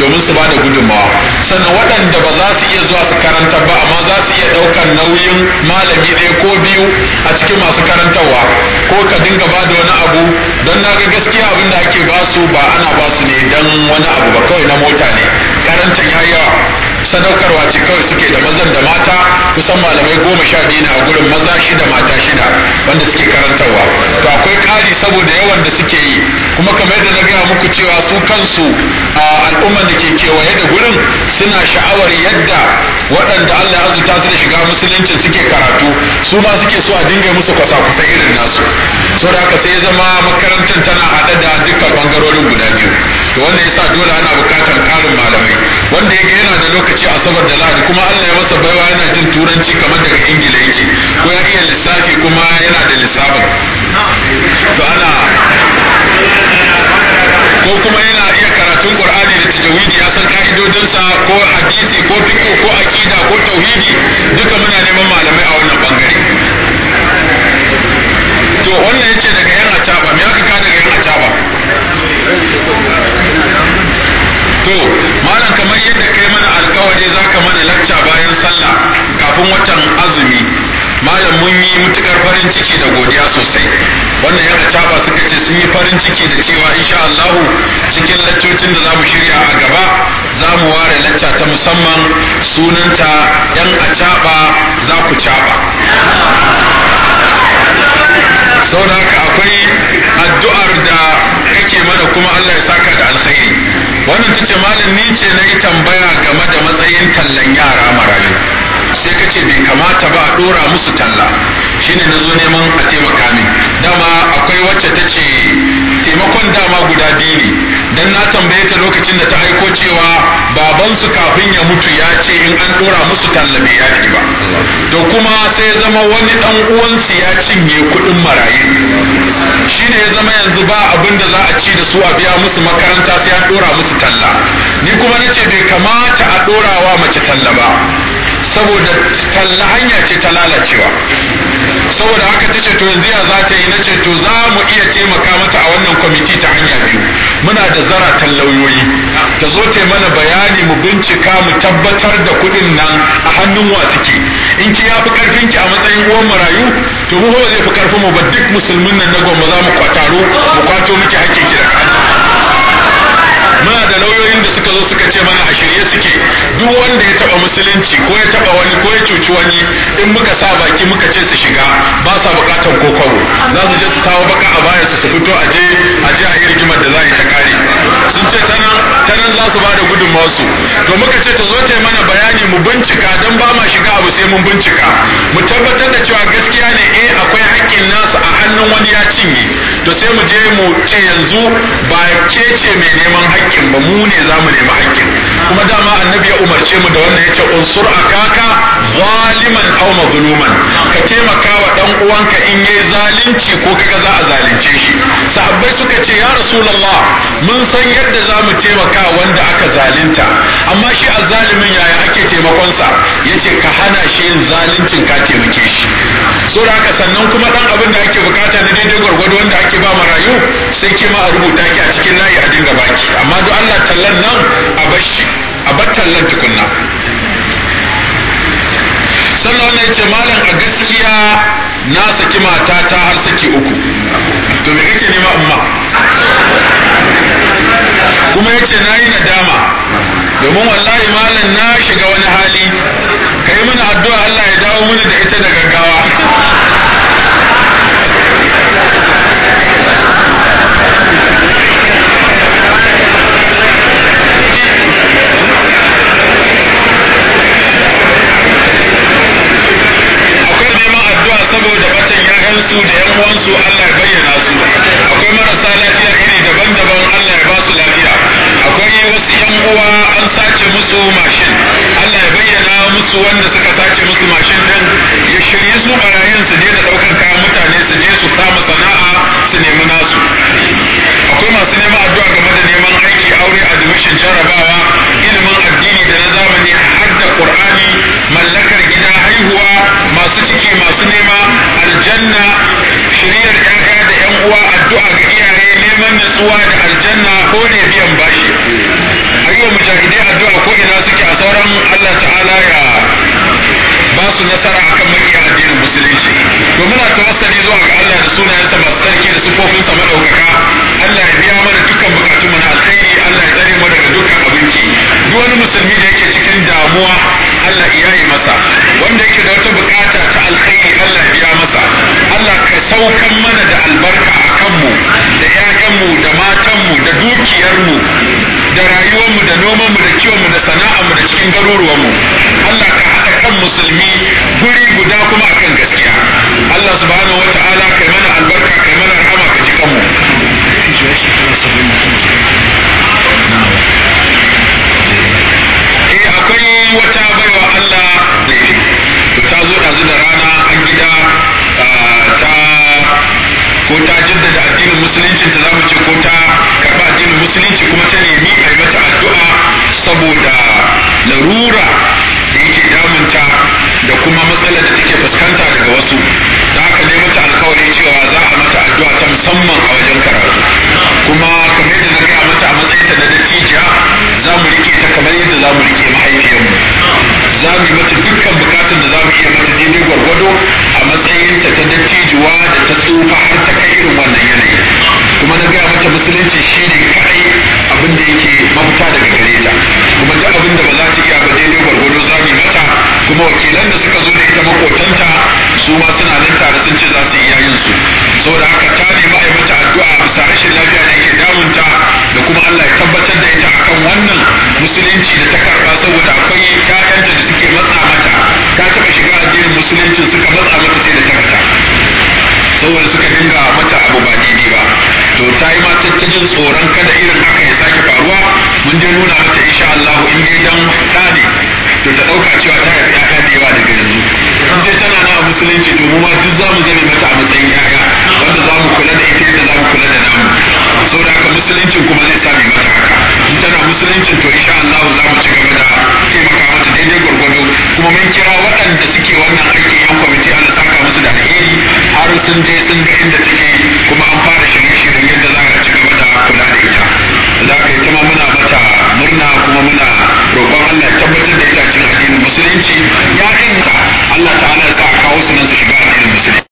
domin su bada gudunmawa sannan waɗanda ba za su iya zuwa su karanta ba amma za su iya ɗaukar nauyin malami ɗaya ko biyu a cikin masu karantarwa ko ka dinga ba da wani abu don na ga gaskiya abin da ake ba su ba ana ba su ne don wani abu ba kawai na mota ne karantan ya yawa sadaukarwa ce kawai suke da mazan da mata kusan malamai goma sha biyu ne a gurin maza shida mata shida wanda suke karantarwa to akwai kari saboda yawan da suke yi kuma kamar yadda na gaya muku cewa su kansu a al'umman da ke kewaye da gurin suna sha'awar yadda waɗanda Allah ya azuta su da shiga musulunci suke karatu su ma suke so a dinga musu kwasa-kwasa irin nasu da haka sai ya zama makarantar tana haɗe da dukkan bangarorin guda biyu to wanda ya sa dole ana bukatar karin malamai wanda ya yake yana da lokaci lokaci asabar da lahadi kuma Allah ya masa baiwa yana jin turanci kamar daga ingila yake ko ya iya lissafi kuma yana da lissafin to ana ko kuma yana iya karatun qur'ani da tajwidi ya san sa ko hadisi ko fiqh ko aqida ko tauhidi duka muna neman malamai a wannan bangare to waje za ka mana lacca bayan sallah kafin watan azumi malam mun yi mutukar farin ciki da godiya sosai wannan yana caba suka ce sun yi farin ciki da cewa insha Allah cikin laccocin da zamu shirya a gaba zamu ware lacca ta musamman sunanta yan a caba za ku caba saboda haka akwai addu'ar da kake mana kuma Allah ya saka da alkhairi wannan tace malam ni ce na yi tambaya game da matsayin tallan yara marayu sai ka ce bai kamata ba a dora musu talla shine na zo neman a taimaka min dama akwai wacce ta ce taimakon dama guda biyu ne dan na tambaye ta lokacin da ta aiko cewa babansu kafin ya mutu ya ce in an dora musu talla bai yafi ba to kuma sai zama wani dan uwansu ya cinye kuɗin marayu shine ya zama yanzu ba abin da za za a ci da su a biya musu makaranta sai an dora musu talla ni kuma nace bai kamata a dora wa mace talla ba saboda talla hanya ce ta lalacewa saboda haka ta ce to yanzu ya za yi na ce to za mu iya taimaka mata a wannan kwamiti ta hanya biyu muna da zara tallauyoyi ta zo ta mana bayani mu bincika mu tabbatar da kuɗin nan a hannun wa suke in ki yafi fi karfin ki a matsayin uwan marayu to mu ba zai fi karfin mu ba duk musulmin nan na gwamba za mu kwataro mu kwato miki hakkin ki da kanki lokacin da suka zo suka ce mana a shirye suke duk wanda ya taba musulunci ko ya taba wani ko ya cuci wani in muka sa baki muka ce su shiga ba sa bukatar ko kwabo za su je su kawo baka a baya su su fito a je a je a yi rigimar da za a yi ta kare sun ce tana ta nan za su ba da su to muka ce ta zo ta mana bayani mu bincika don ba ma shiga abu sai mun bincika mu tabbatar da cewa gaskiya ne eh akwai haƙƙin nasu a hannun wani ya cinye to sai mu je mu ce yanzu ba ke ce mai neman haƙƙin ba mu ne za mu nemi haƙƙin kuma dama annabi ya umarce mu da wannan ya ce unsur akaka zaliman aw mazluman ka taimaka wa dan uwanka in yayi zalunci ko kaga za a zalunce shi sahabbai suka ce ya rasulullah mun san yadda za mu taimaka taimaka wanda aka zalunta amma shi azzalimin yaya ake taimakonsa yace ka hana shi yin zaluncin ka taimake shi so da haka sannan kuma dan abin da ake bukata na daidai gwargwado wanda ake ba marayu sai ke ma a rubuta ki a cikin layi a dinga baki amma duk Allah tallan nan a bashi a bar tallan tukunna sannan wannan yace malam a gaskiya na saki ta har saki uku to me kake nema amma kuma ya ce na yi nadama domin wallahi malam na shiga wani hali ka yi mana addu'a Allah ya dawo mana da ita da gaggawa su da yan uwansu Allah ya bayyana su akwai marasa lafiya iri daban-daban Allah ya ba su lafiya akwai wasu yan uwa an sace musu mashin Allah ya bayyana musu wanda suka sace musu mashin din ya shirye su barayin su ne da daukar kayan mutane su je su kama sana'a su nemi nasu akwai masu neman addu'a game da neman aiki aure admission jarabawa ilimin addini da na zamani har da Qur'ani mallakar masu ciki masu nema aljanna shiryar 'ya'ya da 'yan uwa addu'a ga iyaye neman nutsuwa da aljanna ko ne biyan saukan mana da albarka a kanmu da ƴaƴanmu da matanmu da dukiyarmu da rayuwarmu da nomanmu da kiwonmu da sana'armu da cikin garuruwanmu Allah ka haɗa kan musulmi guri guda kuma a kan gaskiya Allah subhanahu wata'ala kai mana albarka kai mana rahama ka ji kanmu ko ta jaddada addinin musulunci ta zamu ce ko ta karba addinin musulunci kuma ta nemi a yi mata addu'a saboda larura da yake damunta da kuma matsalar da take fuskanta daga wasu da aka nemi mata alkawari cewa za a mata addu'a ta musamman a wajen karatu kuma kamar yadda na gaya mata a matsayinta na dattijiya za mu rike ta kamar yadda za mu rike mahaifiyarmu za mu yi mata dukkan bukatun da za mu iya mata daidai gwargwado a matsayinta ta dattijuwa da ta tsufa har ta kai irin wannan yanayi kuma na gaya mata musulunci shi ne kaɗai abin da yake mafita daga gare ta kuma duk abin da ba za ta iya ba daidai gwargwado za mu yi mata kuma wakilan da suka zo da ita makotanta su ma suna nan tare sun ce za su iya yin su saboda haka ta nemi a yi mata addu'a bisa rashin lafiya da yake damunta da kuma Allah ya tabbatar da ita akan wannan musulunci da ta karba saboda akwai ƴaƴanta da suke matsa mata ta taɓa shiga addinin musulunci suka matsa mata sai da ta fita saboda suka dinga mata abu ba daidai ba to ta yi ma ta cikin tsoron kada irin haka ya sake faruwa mun je nuna mata insha Allah in dai dan ta ne to ta dauka cewa ta yi ya da yawa daga yanzu in dai tana na musulunci to mu ma duk za mu zame mata a matsayin ƴaƴa wanda za mu kula da ita da za mu kula da namu da haka musuluncin kuma zai sami mata haka in tana musuluncin to insha Allah za mu ci gaba da taimaka mata daidai gwargwado kuma mun kira waɗanda suke wannan aiki yan kwamiti ana saka musu da alheri har sun je sun ga inda take kuma an fara shirye-shiryen yadda za a ci gaba da kula da ita za ka yi kuma muna mata murna kuma muna roƙon Allah tabbatar da ita cikin addinin musulunci ya inta Allah ta'ala ya sa kawo su su shiga addinin musulunci